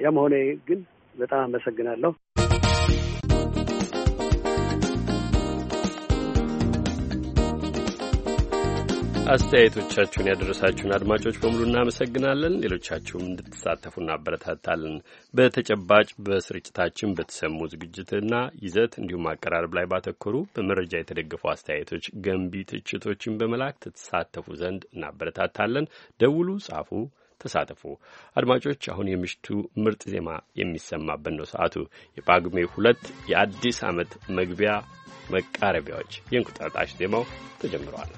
ያም ሆነ ግን በጣም አመሰግናለሁ። አስተያየቶቻችሁን ያደረሳችሁን አድማጮች በሙሉ እናመሰግናለን። ሌሎቻችሁም እንድትሳተፉ እናበረታታለን። በተጨባጭ በስርጭታችን በተሰሙ ዝግጅትና ይዘት እንዲሁም አቀራረብ ላይ ባተኮሩ በመረጃ የተደገፉ አስተያየቶች፣ ገንቢ ትችቶችን በመላክ ትሳተፉ ዘንድ እናበረታታለን። ደውሉ፣ ጻፉ፣ ተሳተፉ። አድማጮች አሁን የምሽቱ ምርጥ ዜማ የሚሰማበት ነው ሰዓቱ። የጳጉሜ ሁለት የአዲስ ዓመት መግቢያ መቃረቢያዎች የእንቁጣጣሽ ዜማው ተጀምረዋል።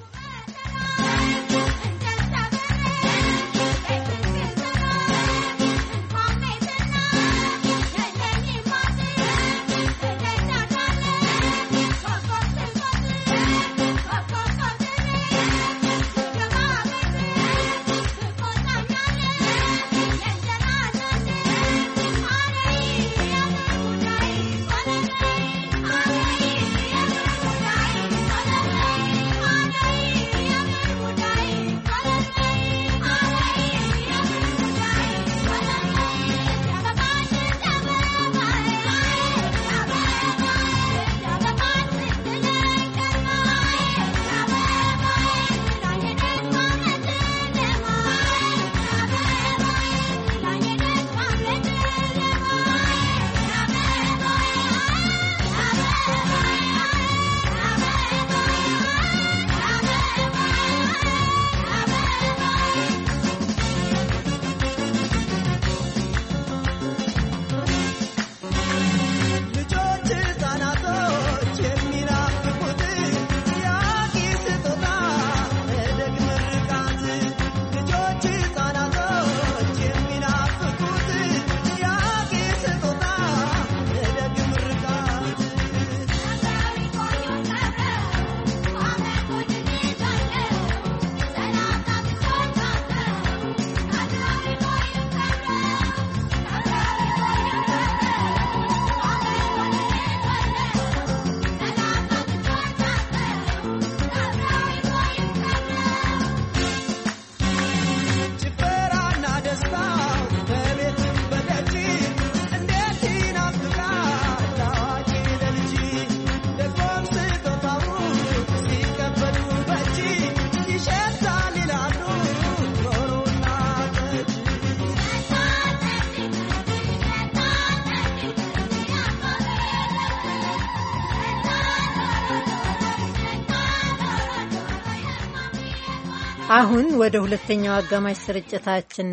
አሁን ወደ ሁለተኛው አጋማሽ ስርጭታችን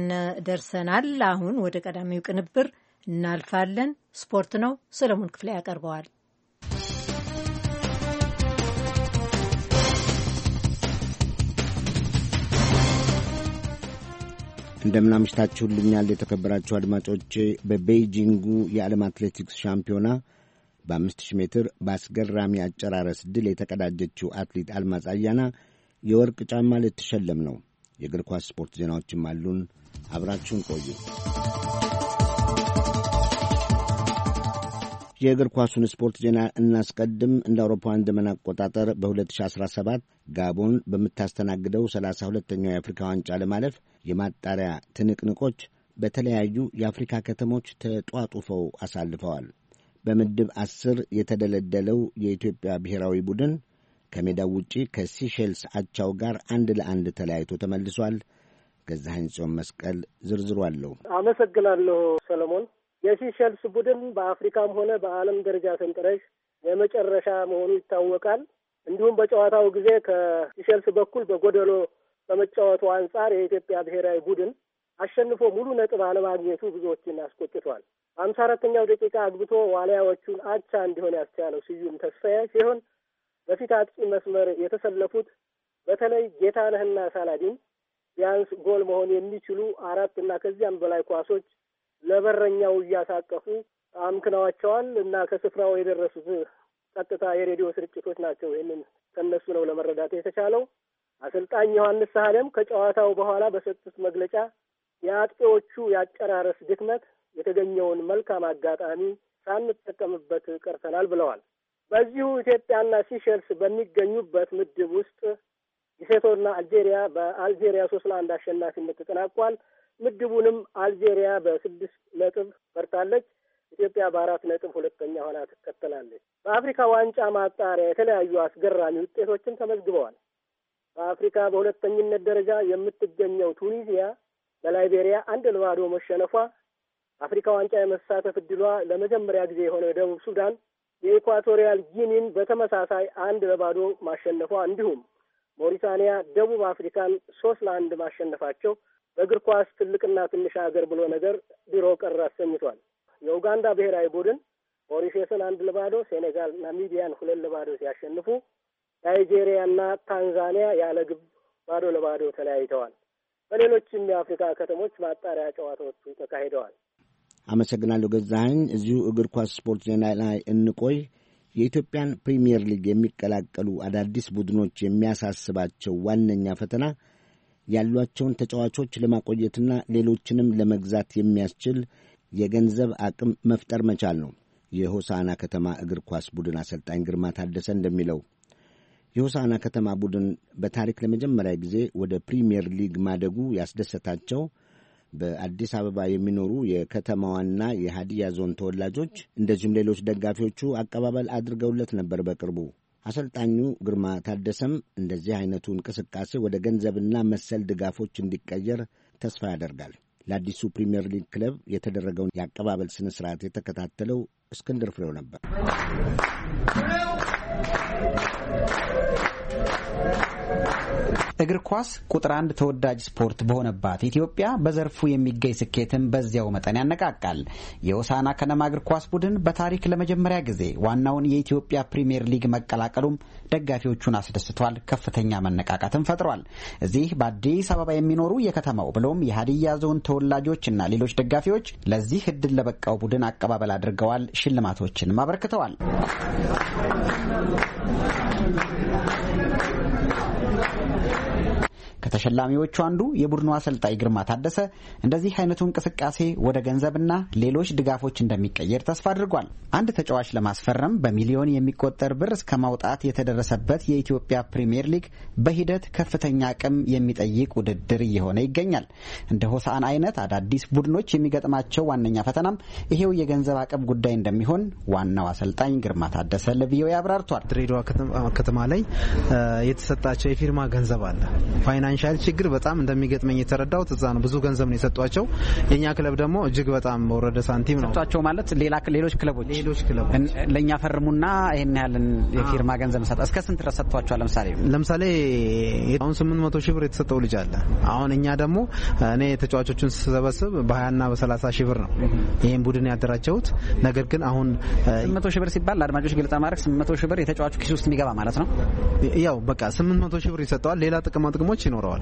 ደርሰናል። አሁን ወደ ቀዳሚው ቅንብር እናልፋለን። ስፖርት ነው። ሰለሞን ክፍሌ ያቀርበዋል። እንደምናምሽታችሁልኛል የተከበራችሁ አድማጮቼ። በቤይጂንጉ የዓለም አትሌቲክስ ሻምፒዮና በ ሺህ ሜትር በአስገራሚ አጨራረስ ድል የተቀዳጀችው አትሌት አልማዝ አያና የወርቅ ጫማ ልትሸለም ነው። የእግር ኳስ ስፖርት ዜናዎችም አሉን። አብራችሁን ቆዩ። የእግር ኳሱን ስፖርት ዜና እናስቀድም። እንደ አውሮፓውያን ዘመን አቆጣጠር በ2017 ጋቦን በምታስተናግደው 32ኛው የአፍሪካ ዋንጫ ለማለፍ የማጣሪያ ትንቅንቆች በተለያዩ የአፍሪካ ከተሞች ተጧጡፈው አሳልፈዋል። በምድብ አስር የተደለደለው የኢትዮጵያ ብሔራዊ ቡድን ከሜዳው ውጪ ከሲሼልስ አቻው ጋር አንድ ለአንድ ተለያይቶ ተመልሷል። ገዛኸኝ ጽዮን መስቀል ዝርዝሩ አለው። አመሰግናለሁ ሰለሞን። የሲሼልስ ቡድን በአፍሪካም ሆነ በዓለም ደረጃ ሰንጠረዥ የመጨረሻ መሆኑ ይታወቃል። እንዲሁም በጨዋታው ጊዜ ከሲሼልስ በኩል በጎደሎ በመጫወቱ አንጻር የኢትዮጵያ ብሔራዊ ቡድን አሸንፎ ሙሉ ነጥብ አለማግኘቱ ብዙዎችን አስቆጭቷል። በሀምሳ አራተኛው ደቂቃ አግብቶ ዋልያዎቹን አቻ እንዲሆን ያስቻለው ስዩም ተስፋዬ ሲሆን በፊት አጥቂ መስመር የተሰለፉት በተለይ ጌታነህና ሳላዲን ቢያንስ ጎል መሆን የሚችሉ አራት እና ከዚያም በላይ ኳሶች ለበረኛው እያሳቀፉ አምክነዋቸዋል እና ከስፍራው የደረሱት ቀጥታ የሬዲዮ ስርጭቶች ናቸው። ይህንን ከነሱ ነው ለመረዳት የተቻለው። አሰልጣኝ ዮሐንስ ሳህለም ከጨዋታው በኋላ በሰጡት መግለጫ የአጥቂዎቹ የአጨራረስ ድክመት የተገኘውን መልካም አጋጣሚ ሳንጠቀምበት ቀርተናል ብለዋል። በዚሁ ኢትዮጵያና ሲሸልስ በሚገኙበት ምድብ ውስጥ ሌሴቶና አልጄሪያ በአልጄሪያ ሶስት ለአንድ አሸናፊነት ተጠናቋል። ምድቡንም አልጄሪያ በስድስት ነጥብ በርታለች። ኢትዮጵያ በአራት ነጥብ ሁለተኛ ሆና ትከተላለች። በአፍሪካ ዋንጫ ማጣሪያ የተለያዩ አስገራሚ ውጤቶችን ተመዝግበዋል። በአፍሪካ በሁለተኝነት ደረጃ የምትገኘው ቱኒዚያ በላይቤሪያ አንድ ለባዶ መሸነፏ አፍሪካ ዋንጫ የመሳተፍ እድሏ ለመጀመሪያ ጊዜ የሆነ ደቡብ ሱዳን የኢኳቶሪያል ጊኒን በተመሳሳይ አንድ ለባዶ ማሸነፏ እንዲሁም ሞሪታንያ ደቡብ አፍሪካን ሶስት ለአንድ ማሸነፋቸው በእግር ኳስ ትልቅና ትንሽ ሀገር ብሎ ነገር ቢሮ ቀር አሰኝቷል። የኡጋንዳ ብሔራዊ ቡድን ሞሪሼስን አንድ ልባዶ ሴኔጋል ናሚቢያን ሁለት ለባዶ ሲያሸንፉ ናይጄሪያና ታንዛኒያ ያለ ግብ ባዶ ለባዶ ተለያይተዋል። በሌሎችም የአፍሪካ ከተሞች ማጣሪያ ጨዋታዎቹ ተካሂደዋል። አመሰግናለሁ ገዛኸኝ። እዚሁ እግር ኳስ ስፖርት ዜና ላይ እንቆይ። የኢትዮጵያን ፕሪምየር ሊግ የሚቀላቀሉ አዳዲስ ቡድኖች የሚያሳስባቸው ዋነኛ ፈተና ያሏቸውን ተጫዋቾች ለማቆየትና ሌሎችንም ለመግዛት የሚያስችል የገንዘብ አቅም መፍጠር መቻል ነው። የሆሳና ከተማ እግር ኳስ ቡድን አሰልጣኝ ግርማ ታደሰ እንደሚለው የሆሳና ከተማ ቡድን በታሪክ ለመጀመሪያ ጊዜ ወደ ፕሪምየር ሊግ ማደጉ ያስደሰታቸው በአዲስ አበባ የሚኖሩ የከተማዋና የሀዲያ ዞን ተወላጆች እንደዚሁም ሌሎች ደጋፊዎቹ አቀባበል አድርገውለት ነበር። በቅርቡ አሰልጣኙ ግርማ ታደሰም እንደዚህ አይነቱ እንቅስቃሴ ወደ ገንዘብና መሰል ድጋፎች እንዲቀየር ተስፋ ያደርጋል። ለአዲሱ ፕሪምየር ሊግ ክለብ የተደረገውን የአቀባበል ስነ ስርዓት የተከታተለው እስክንድር ፍሬው ነበር። እግር ኳስ ቁጥር አንድ ተወዳጅ ስፖርት በሆነባት ኢትዮጵያ በዘርፉ የሚገኝ ስኬትን በዚያው መጠን ያነቃቃል። የሆሳና ከነማ እግር ኳስ ቡድን በታሪክ ለመጀመሪያ ጊዜ ዋናውን የኢትዮጵያ ፕሪምየር ሊግ መቀላቀሉም ደጋፊዎቹን አስደስቷል። ከፍተኛ መነቃቃትን ፈጥሯል። እዚህ በአዲስ አበባ የሚኖሩ የከተማው ብሎም የሀዲያ ዞን ተወላጆችና ሌሎች ደጋፊዎች ለዚህ እድል ለበቃው ቡድን አቀባበል አድርገዋል። ሽልማቶችንም አበርክተዋል። ከተሸላሚዎቹ አንዱ የቡድኑ አሰልጣኝ ግርማ ታደሰ እንደዚህ አይነቱ እንቅስቃሴ ወደ ገንዘብና ሌሎች ድጋፎች እንደሚቀየር ተስፋ አድርጓል። አንድ ተጫዋች ለማስፈረም በሚሊዮን የሚቆጠር ብር እስከ ማውጣት የተደረሰበት የኢትዮጵያ ፕሪምየር ሊግ በሂደት ከፍተኛ አቅም የሚጠይቅ ውድድር እየሆነ ይገኛል። እንደ ሆሳን አይነት አዳዲስ ቡድኖች የሚገጥማቸው ዋነኛ ፈተናም ይሄው የገንዘብ አቅም ጉዳይ እንደሚሆን ዋናው አሰልጣኝ ግርማ ታደሰ ለቪኦኤ አብራርቷል። ድሬዳዋ ከተማ ላይ የተሰጣቸው የፊርማ ገንዘብ አለ የፋይናንሻል ችግር በጣም እንደሚገጥመኝ የተረዳሁት እዛ ነው። ብዙ ገንዘብ ነው የሰጧቸው። የእኛ ክለብ ደግሞ እጅግ በጣም ወረደ ሳንቲም ነው ሰጧቸው። ማለት ሌሎች ክለቦች ሌሎች ክለቦች ለእኛ ፈርሙና ይህን ያህልን የፊርማ ገንዘብ ሰጥ እስከ ስንት ድረስ ሰጥቷቸዋል? ለምሳሌ ለምሳሌ አሁን ስምንት መቶ ሺህ ብር የተሰጠው ልጅ አለ። አሁን እኛ ደግሞ እኔ ተጫዋቾቹን ስሰበስብ በሀያና በሰላሳ ሺህ ብር ነው ይህን ቡድን ያደራጀሁት። ነገር ግን አሁን ስምንት መቶ ሺህ ብር ሲባል ለአድማጮች ግልጽ ለማድረግ ስምንት መቶ ሺህ ብር የተጫዋቹ ኪስ ውስጥ የሚገባ ማለት ነው። ያው በቃ ስምንት መቶ ሺህ ብር ይሰጠዋል። ሌላ ጥቅማ ጥቅሞች ይኖራል ይኖረዋል።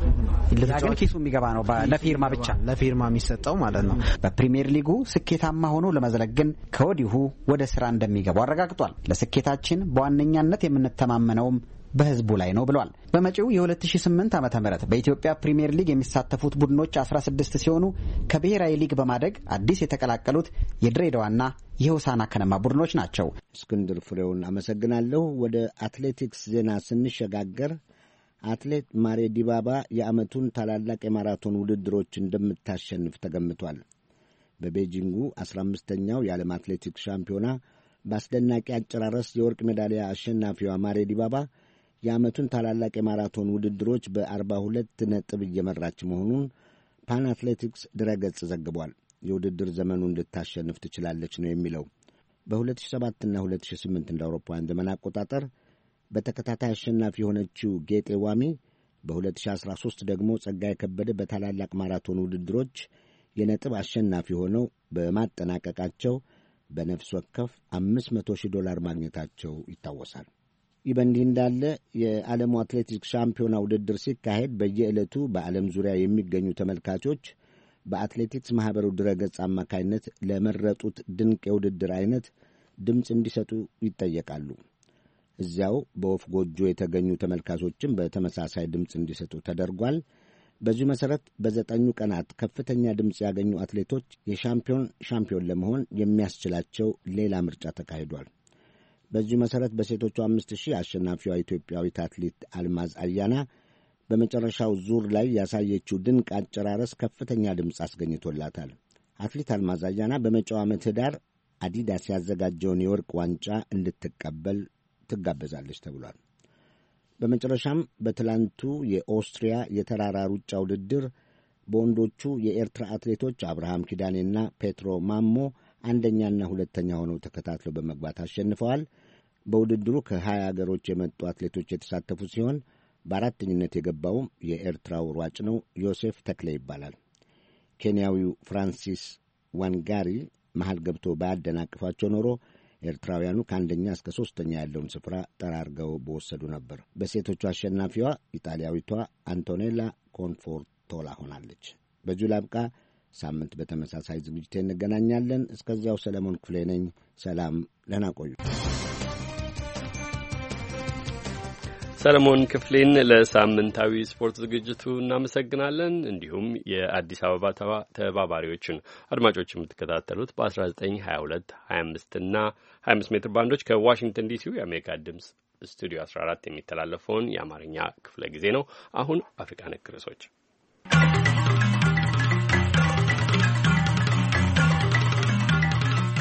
ግን ኪሱ የሚገባ ነው ለፊርማ ብቻ ለፊርማ የሚሰጠው ማለት ነው። በፕሪምየር ሊጉ ስኬታማ ሆኖ ለመዝለቅ ግን ከወዲሁ ወደ ስራ እንደሚገቡ አረጋግጧል። ለስኬታችን በዋነኛነት የምንተማመነውም በህዝቡ ላይ ነው ብሏል። በመጪው የ2008 ዓ ም በኢትዮጵያ ፕሪምየር ሊግ የሚሳተፉት ቡድኖች 16 ሲሆኑ ከብሔራዊ ሊግ በማደግ አዲስ የተቀላቀሉት የድሬዳዋና የሆሳና ከነማ ቡድኖች ናቸው። እስክንድር ፍሬውን አመሰግናለሁ። ወደ አትሌቲክስ ዜና ስንሸጋገር አትሌት ማሬ ዲባባ የዓመቱን ታላላቅ የማራቶን ውድድሮች እንደምታሸንፍ ተገምቷል። በቤጂንጉ 15ኛው የዓለም አትሌቲክስ ሻምፒዮና በአስደናቂ አጨራረስ የወርቅ ሜዳሊያ አሸናፊዋ ማሬ ዲባባ የዓመቱን ታላላቅ የማራቶን ውድድሮች በ42 ነጥብ እየመራች መሆኑን ፓን አትሌቲክስ ድረገጽ ዘግቧል። የውድድር ዘመኑን ልታሸንፍ ትችላለች ነው የሚለው በ2007ና 2008 እንደ አውሮፓውያን ዘመን አቆጣጠር በተከታታይ አሸናፊ የሆነችው ጌጤ ዋሚ በ2013 ደግሞ ጸጋዬ ከበደ በታላላቅ ማራቶን ውድድሮች የነጥብ አሸናፊ ሆነው በማጠናቀቃቸው በነፍስ ወከፍ 500 ሺህ ዶላር ማግኘታቸው ይታወሳል። ይህ በእንዲህ እንዳለ የዓለሙ አትሌቲክስ ሻምፒዮና ውድድር ሲካሄድ በየዕለቱ በዓለም ዙሪያ የሚገኙ ተመልካቾች በአትሌቲክስ ማኅበሩ ድረገጽ አማካይነት ለመረጡት ድንቅ የውድድር አይነት ድምፅ እንዲሰጡ ይጠየቃሉ። እዚያው በወፍ ጎጆ የተገኙ ተመልካቾችም በተመሳሳይ ድምፅ እንዲሰጡ ተደርጓል። በዚሁ መሠረት በዘጠኙ ቀናት ከፍተኛ ድምፅ ያገኙ አትሌቶች የሻምፒዮን ሻምፒዮን ለመሆን የሚያስችላቸው ሌላ ምርጫ ተካሂዷል። በዚሁ መሠረት በሴቶቹ አምስት ሺህ አሸናፊዋ ኢትዮጵያዊት አትሌት አልማዝ አያና በመጨረሻው ዙር ላይ ያሳየችው ድንቅ አጨራረስ ከፍተኛ ድምፅ አስገኝቶላታል። አትሌት አልማዝ አያና በመጪው ዓመት ህዳር አዲዳስ ያዘጋጀውን የወርቅ ዋንጫ እንድትቀበል ትጋበዛለች ተብሏል። በመጨረሻም በትላንቱ የኦስትሪያ የተራራ ሩጫ ውድድር በወንዶቹ የኤርትራ አትሌቶች አብርሃም ኪዳኔና ፔትሮ ማሞ አንደኛና ሁለተኛ ሆነው ተከታትለው በመግባት አሸንፈዋል። በውድድሩ ከሀያ አገሮች የመጡ አትሌቶች የተሳተፉ ሲሆን በአራተኝነት የገባውም የኤርትራው ሯጭ ነው፣ ዮሴፍ ተክሌ ይባላል። ኬንያዊው ፍራንሲስ ዋንጋሪ መሃል ገብቶ ባያደናቅፋቸው ኖሮ ኤርትራውያኑ ከአንደኛ እስከ ሶስተኛ ያለውን ስፍራ ጠራርገው በወሰዱ ነበር። በሴቶቹ አሸናፊዋ ኢጣሊያዊቷ አንቶኔላ ኮንፎርቶላ ሆናለች። በዚሁ ላብቃ። ሳምንት በተመሳሳይ ዝግጅት እንገናኛለን። እስከዚያው ሰለሞን ክፍሌ ነኝ። ሰላም፣ ደህና ቆዩ። ሰለሞን ክፍሌን ለሳምንታዊ ስፖርት ዝግጅቱ እናመሰግናለን። እንዲሁም የአዲስ አበባ ተባባሪዎችን አድማጮች የምትከታተሉት በ1922 25 እና 25 ሜትር ባንዶች ከዋሽንግተን ዲሲው የአሜሪካ ድምፅ ስቱዲዮ 14 የሚተላለፈውን የአማርኛ ክፍለ ጊዜ ነው። አሁን አፍሪካ ነክ ርዕሶች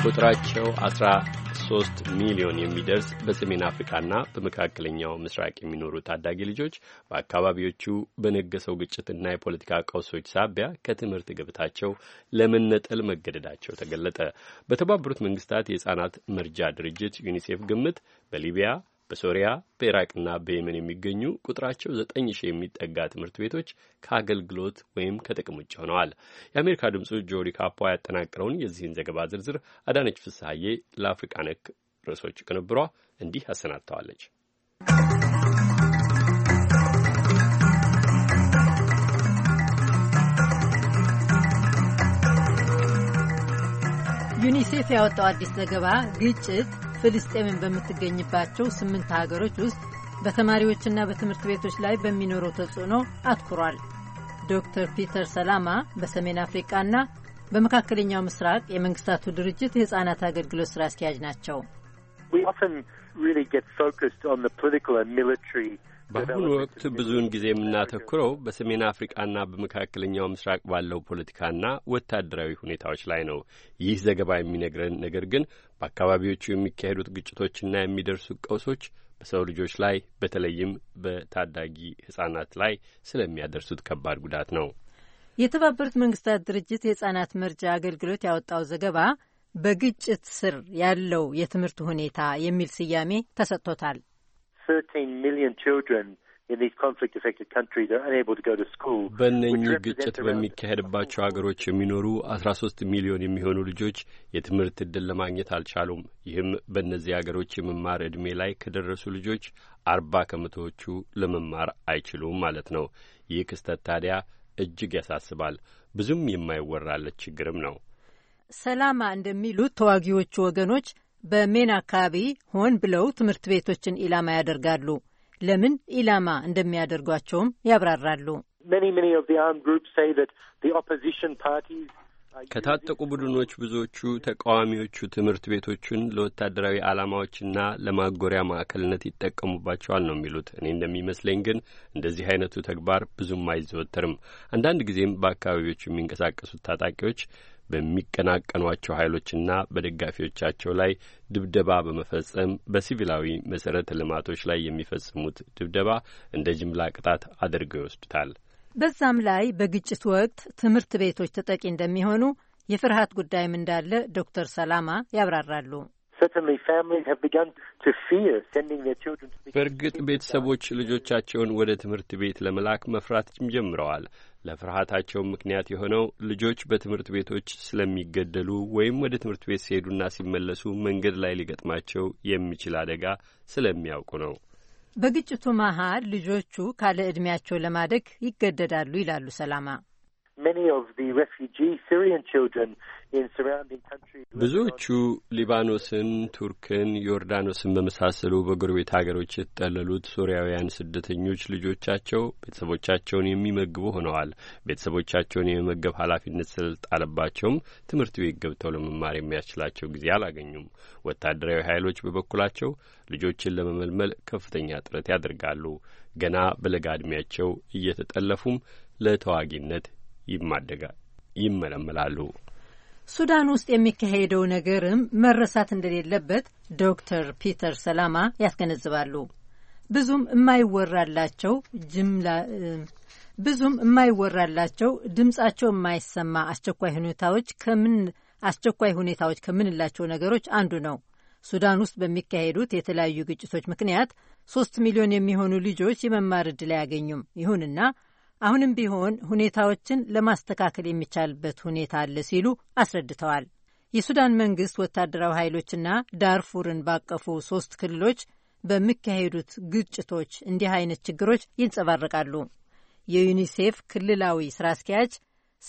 ቁጥራቸው ሶስት ሚሊዮን የሚደርስ በሰሜን አፍሪካና በመካከለኛው ምስራቅ የሚኖሩ ታዳጊ ልጆች በአካባቢዎቹ በነገሰው ግጭትና የፖለቲካ ቀውሶች ሳቢያ ከትምህርት ገበታቸው ለመነጠል መገደዳቸው ተገለጠ። በተባበሩት መንግስታት የህጻናት መርጃ ድርጅት ዩኒሴፍ ግምት በሊቢያ በሶሪያ በኢራቅና በየመን የሚገኙ ቁጥራቸው ዘጠኝ ሺህ የሚጠጋ ትምህርት ቤቶች ከአገልግሎት ወይም ከጥቅም ውጭ ሆነዋል። የአሜሪካ ድምፁ ጆዲ ካፖ ያጠናቀረውን የዚህን ዘገባ ዝርዝር አዳነች ፍስሐዬ ለአፍሪቃ ነክ ርዕሶች ቅንብሯ እንዲህ አሰናድተዋለች። ዩኒሴፍ ያወጣው አዲስ ዘገባ ግጭት ፍልስጤምን በምትገኝባቸው ስምንት ሀገሮች ውስጥ በተማሪዎችና በትምህርት ቤቶች ላይ በሚኖረው ተጽዕኖ አትኩሯል። ዶክተር ፒተር ሰላማ በሰሜን አፍሪቃና በመካከለኛው ምስራቅ የመንግስታቱ ድርጅት የህጻናት አገልግሎት ስራ አስኪያጅ ናቸው። በአሁኑ ወቅት ብዙውን ጊዜ የምናተኩረው በሰሜን አፍሪቃና በመካከለኛው ምስራቅ ባለው ፖለቲካና ወታደራዊ ሁኔታዎች ላይ ነው። ይህ ዘገባ የሚነግረን ነገር ግን በአካባቢዎቹ የሚካሄዱት ግጭቶችና የሚደርሱ ቀውሶች በሰው ልጆች ላይ በተለይም በታዳጊ ህጻናት ላይ ስለሚያደርሱት ከባድ ጉዳት ነው። የተባበሩት መንግስታት ድርጅት የህጻናት መርጃ አገልግሎት ያወጣው ዘገባ በግጭት ስር ያለው የትምህርት ሁኔታ የሚል ስያሜ ተሰጥቶታል። በእነኚህ ግጭት በሚካሄድባቸው ሀገሮች የሚኖሩ አስራ ሶስት ሚሊዮን የሚሆኑ ልጆች የትምህርት እድል ለማግኘት አልቻሉም። ይህም በእነዚህ ሀገሮች የመማር እድሜ ላይ ከደረሱ ልጆች አርባ ከመቶዎቹ ለመማር አይችሉም ማለት ነው። ይህ ክስተት ታዲያ እጅግ ያሳስባል። ብዙም የማይወራለት ችግርም ነው። ሰላማ እንደሚሉት ተዋጊዎቹ ወገኖች በሜን አካባቢ ሆን ብለው ትምህርት ቤቶችን ኢላማ ያደርጋሉ። ለምን ኢላማ እንደሚያደርጓቸውም ያብራራሉ። uh, ከታጠቁ ቡድኖች ብዙዎቹ ተቃዋሚዎቹ ትምህርት ቤቶቹን ለወታደራዊ ዓላማዎችና ለማጎሪያ ማዕከልነት ይጠቀሙባቸዋል ነው የሚሉት። እኔ እንደሚመስለኝ ግን እንደዚህ አይነቱ ተግባር ብዙም አይዘወትርም። አንዳንድ ጊዜም በአካባቢዎቹ የሚንቀሳቀሱት ታጣቂዎች በሚቀናቀኗቸው ኃይሎችና በደጋፊዎቻቸው ላይ ድብደባ በመፈጸም በሲቪላዊ መሰረተ ልማቶች ላይ የሚፈጽሙት ድብደባ እንደ ጅምላ ቅጣት አድርገው ይወስዱታል። በዛም ላይ በግጭት ወቅት ትምህርት ቤቶች ተጠቂ እንደሚሆኑ የፍርሃት ጉዳይም እንዳለ ዶክተር ሰላማ ያብራራሉ። በእርግጥ ቤተሰቦች ልጆቻቸውን ወደ ትምህርት ቤት ለመላክ መፍራት ጀምረዋል። ለፍርሃታቸው ምክንያት የሆነው ልጆች በትምህርት ቤቶች ስለሚገደሉ ወይም ወደ ትምህርት ቤት ሲሄዱና ሲመለሱ መንገድ ላይ ሊገጥማቸው የሚችል አደጋ ስለሚያውቁ ነው። በግጭቱ መሀል ልጆቹ ካለ ዕድሜያቸው ለማደግ ይገደዳሉ ይላሉ ሰላማ። ብዙዎቹ ሊባኖስን፣ ቱርክን፣ ዮርዳኖስን በመሳሰሉ በጎረቤት ሀገሮች የተጠለሉት ሶሪያውያን ስደተኞች ልጆቻቸው ቤተሰቦቻቸውን የሚመግቡ ሆነዋል። ቤተሰቦቻቸውን የመመገብ ኃላፊነት ስለጣለባቸውም ትምህርት ቤት ገብተው ለመማር የሚያስችላቸው ጊዜ አላገኙም። ወታደራዊ ኃይሎች በበኩላቸው ልጆችን ለመመልመል ከፍተኛ ጥረት ያደርጋሉ። ገና በለጋ ዕድሜያቸው እየተጠለፉም ለተዋጊነት ይመለመላሉ። ሱዳን ውስጥ የሚካሄደው ነገርም መረሳት እንደሌለበት ዶክተር ፒተር ሰላማ ያስገነዝባሉ። ብዙም የማይወራላቸው ጅምላ ብዙም የማይወራላቸው ድምጻቸው የማይሰማ አስቸኳይ ሁኔታዎች ከምን አስቸኳይ ሁኔታዎች ከምንላቸው ነገሮች አንዱ ነው። ሱዳን ውስጥ በሚካሄዱት የተለያዩ ግጭቶች ምክንያት ሶስት ሚሊዮን የሚሆኑ ልጆች የመማር ዕድል አያገኙም። ይሁንና አሁንም ቢሆን ሁኔታዎችን ለማስተካከል የሚቻልበት ሁኔታ አለ ሲሉ አስረድተዋል። የሱዳን መንግስት ወታደራዊ ኃይሎችና ዳርፉርን ባቀፉ ሶስት ክልሎች በሚካሄዱት ግጭቶች እንዲህ አይነት ችግሮች ይንጸባረቃሉ። የዩኒሴፍ ክልላዊ ስራ አስኪያጅ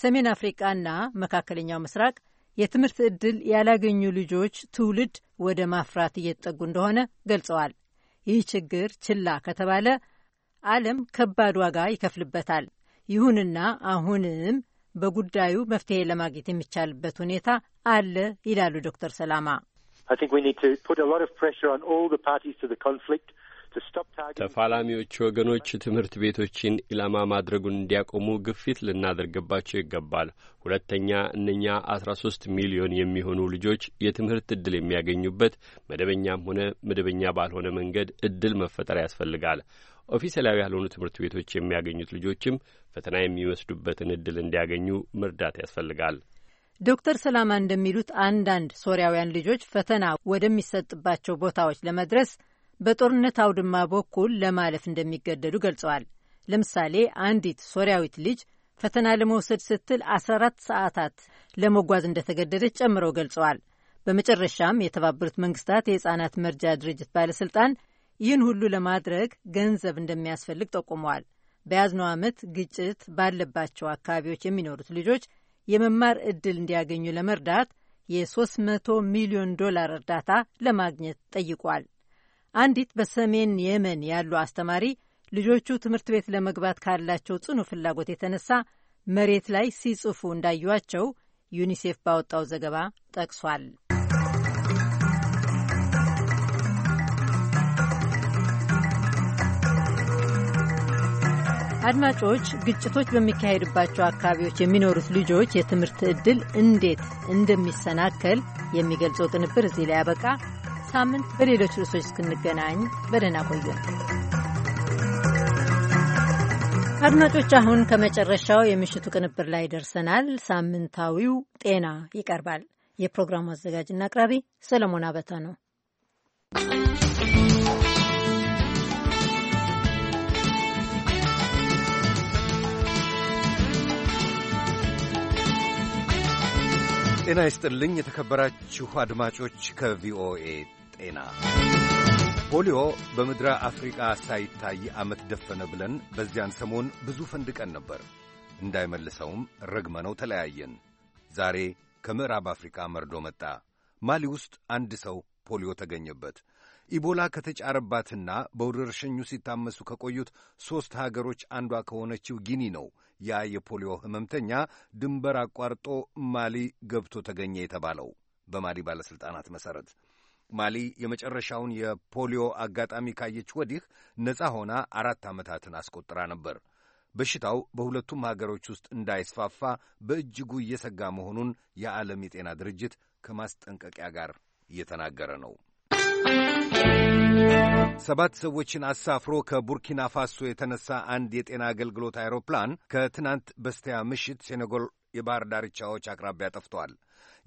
ሰሜን አፍሪቃና መካከለኛው ምስራቅ የትምህርት ዕድል ያላገኙ ልጆች ትውልድ ወደ ማፍራት እየተጠጉ እንደሆነ ገልጸዋል። ይህ ችግር ችላ ከተባለ ዓለም ከባድ ዋጋ ይከፍልበታል። ይሁንና አሁንም በጉዳዩ መፍትሄ ለማግኘት የሚቻልበት ሁኔታ አለ ይላሉ ዶክተር ሰላማ። ተፋላሚዎቹ ወገኖች ትምህርት ቤቶችን ኢላማ ማድረጉን እንዲያቆሙ ግፊት ልናደርግባቸው ይገባል። ሁለተኛ እነኛ አስራ ሶስት ሚሊዮን የሚሆኑ ልጆች የትምህርት እድል የሚያገኙበት መደበኛም ሆነ መደበኛ ባልሆነ መንገድ እድል መፈጠር ያስፈልጋል። ኦፊሴላዊ ያልሆኑ ትምህርት ቤቶች የሚያገኙት ልጆችም ፈተና የሚወስዱበትን እድል እንዲያገኙ መርዳት ያስፈልጋል። ዶክተር ሰላማ እንደሚሉት አንዳንድ ሶሪያውያን ልጆች ፈተና ወደሚሰጥባቸው ቦታዎች ለመድረስ በጦርነት አውድማ በኩል ለማለፍ እንደሚገደዱ ገልጸዋል። ለምሳሌ አንዲት ሶሪያዊት ልጅ ፈተና ለመውሰድ ስትል 14 ሰዓታት ለመጓዝ እንደተገደደች ጨምረው ገልጸዋል። በመጨረሻም የተባበሩት መንግስታት የሕፃናት መርጃ ድርጅት ባለሥልጣን ይህን ሁሉ ለማድረግ ገንዘብ እንደሚያስፈልግ ጠቁመዋል። በያዝነው ዓመት ግጭት ባለባቸው አካባቢዎች የሚኖሩት ልጆች የመማር ዕድል እንዲያገኙ ለመርዳት የ300 ሚሊዮን ዶላር እርዳታ ለማግኘት ጠይቋል። አንዲት በሰሜን የመን ያሉ አስተማሪ ልጆቹ ትምህርት ቤት ለመግባት ካላቸው ጽኑ ፍላጎት የተነሳ መሬት ላይ ሲጽፉ እንዳዩቸው ዩኒሴፍ ባወጣው ዘገባ ጠቅሷል። አድማጮች፣ ግጭቶች በሚካሄድባቸው አካባቢዎች የሚኖሩት ልጆች የትምህርት ዕድል እንዴት እንደሚሰናከል የሚገልጸው ቅንብር እዚህ ላይ ያበቃ። ሳምንት በሌሎች ርዕሶች እስክንገናኝ በደህና ቆዩ። አድማጮች፣ አሁን ከመጨረሻው የምሽቱ ቅንብር ላይ ደርሰናል። ሳምንታዊው ጤና ይቀርባል። የፕሮግራሙ አዘጋጅና አቅራቢ ሰለሞን አበታ ነው። ጤና ይስጥልኝ የተከበራችሁ አድማጮች። ከቪኦኤ ጤና ፖሊዮ በምድረ አፍሪቃ ሳይታይ አመት ደፈነ ብለን በዚያን ሰሞን ብዙ ፈንድቀን ነበር። እንዳይመልሰውም ረግመነው ተለያየን። ዛሬ ከምዕራብ አፍሪቃ መርዶ መጣ። ማሊ ውስጥ አንድ ሰው ፖሊዮ ተገኘበት። ኢቦላ ከተጫረባትና በወረርሽኙ ሲታመሱ ከቆዩት ሦስት ሀገሮች አንዷ ከሆነችው ጊኒ ነው ያ የፖሊዮ ሕመምተኛ ድንበር አቋርጦ ማሊ ገብቶ ተገኘ የተባለው በማሊ ባለሥልጣናት መሠረት። ማሊ የመጨረሻውን የፖሊዮ አጋጣሚ ካየች ወዲህ ነፃ ሆና አራት ዓመታትን አስቆጥራ ነበር። በሽታው በሁለቱም ሀገሮች ውስጥ እንዳይስፋፋ በእጅጉ እየሰጋ መሆኑን የዓለም የጤና ድርጅት ከማስጠንቀቂያ ጋር እየተናገረ ነው። ሰባት ሰዎችን አሳፍሮ ከቡርኪና ፋሶ የተነሳ አንድ የጤና አገልግሎት አይሮፕላን ከትናንት በስቲያ ምሽት ሴኔጎል የባህር ዳርቻዎች አቅራቢያ ጠፍቷል።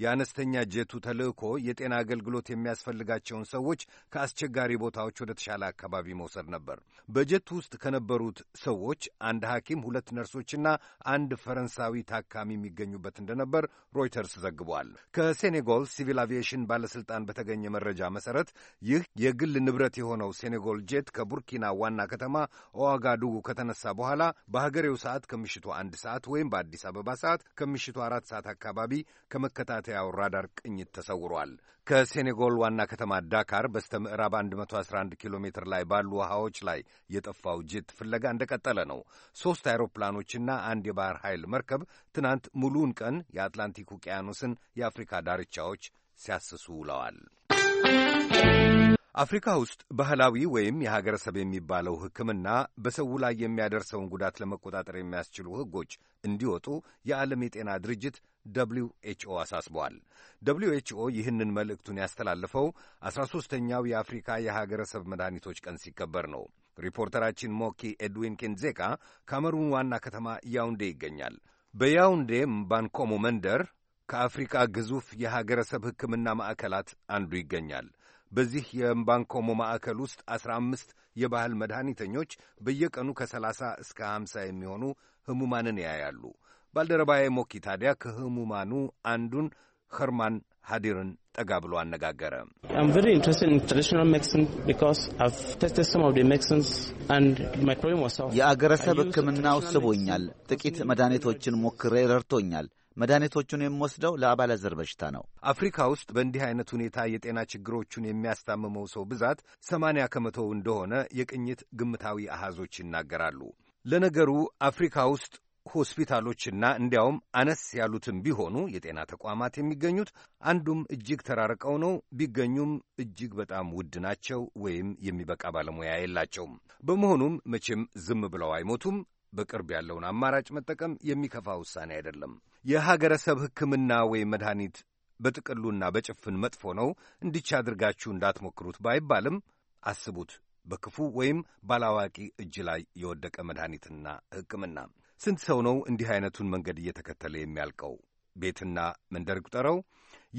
የአነስተኛ ጄቱ ተልእኮ የጤና አገልግሎት የሚያስፈልጋቸውን ሰዎች ከአስቸጋሪ ቦታዎች ወደ ተሻለ አካባቢ መውሰድ ነበር። በጀቱ ውስጥ ከነበሩት ሰዎች አንድ ሐኪም፣ ሁለት ነርሶችና አንድ ፈረንሳዊ ታካሚ የሚገኙበት እንደነበር ሮይተርስ ዘግቧል። ከሴኔጎል ሲቪል አቪዬሽን ባለሥልጣን በተገኘ መረጃ መሠረት ይህ የግል ንብረት የሆነው ሴኔጎል ጄት ከቡርኪና ዋና ከተማ ኦዋጋዱጉ ከተነሳ በኋላ በሀገሬው ሰዓት ከምሽቱ አንድ ሰዓት ወይም በአዲስ አበባ ሰዓት ከምሽቱ አራት ሰዓት አካባቢ ከመከታተል የማቴያው ራዳር ቅኝት ተሰውሯል። ከሴኔጎል ዋና ከተማ ዳካር በስተ ምዕራብ 111 ኪሎ ሜትር ላይ ባሉ ውሃዎች ላይ የጠፋው ጄት ፍለጋ እንደቀጠለ ነው። ሦስት አይሮፕላኖችና አንድ የባህር ኃይል መርከብ ትናንት ሙሉውን ቀን የአትላንቲክ ውቅያኖስን የአፍሪካ ዳርቻዎች ሲያስሱ ውለዋል። አፍሪካ ውስጥ ባህላዊ ወይም የሀገረሰብ የሚባለው ሕክምና በሰው ላይ የሚያደርሰውን ጉዳት ለመቆጣጠር የሚያስችሉ ሕጎች እንዲወጡ የዓለም የጤና ድርጅት ደብሊው ኤችኦ አሳስበዋል። ደብሊው ኤችኦ ይህንን መልእክቱን ያስተላለፈው አስራ ሦስተኛው የአፍሪካ የሀገረሰብ መድኃኒቶች ቀን ሲከበር ነው። ሪፖርተራችን ሞኪ ኤድዊን ኬንዜካ ካሜሩን ዋና ከተማ ያውንዴ ይገኛል። በያውንዴ ባንኮሞ መንደር ከአፍሪካ ግዙፍ የሀገረሰብ ሕክምና ማዕከላት አንዱ ይገኛል። በዚህ የምባንኮሞ ማዕከል ውስጥ አስራ አምስት የባህል መድኃኒተኞች በየቀኑ ከሰላሳ እስከ ሀምሳ የሚሆኑ ህሙማንን ያያሉ። ባልደረባዬ ሞኪ ታዲያ ከህሙማኑ አንዱን ኸርማን ሀዲርን ጠጋ ብሎ አነጋገረ። የአገረሰብ ሕክምናው ስቦኛል። ጥቂት መድኃኒቶችን ሞክሬ ረድቶኛል። መድኃኒቶቹን የምወስደው ለአባለ ዘር በሽታ ነው። አፍሪካ ውስጥ በእንዲህ አይነት ሁኔታ የጤና ችግሮቹን የሚያስታምመው ሰው ብዛት ሰማንያ ከመቶው እንደሆነ የቅኝት ግምታዊ አሃዞች ይናገራሉ። ለነገሩ አፍሪካ ውስጥ ሆስፒታሎችና እንዲያውም አነስ ያሉትም ቢሆኑ የጤና ተቋማት የሚገኙት አንዱም እጅግ ተራርቀው ነው። ቢገኙም እጅግ በጣም ውድ ናቸው ወይም የሚበቃ ባለሙያ የላቸውም። በመሆኑም መቼም ዝም ብለው አይሞቱም። በቅርብ ያለውን አማራጭ መጠቀም የሚከፋ ውሳኔ አይደለም። የሀገረሰብ ሕክምና ወይ መድኃኒት በጥቅሉና በጭፍን መጥፎ ነው፣ እንዲቻ አድርጋችሁ እንዳትሞክሩት ባይባልም አስቡት በክፉ ወይም ባላዋቂ እጅ ላይ የወደቀ መድኃኒትና ሕክምና። ስንት ሰው ነው እንዲህ አይነቱን መንገድ እየተከተለ የሚያልቀው? ቤትና መንደር ቁጠረው።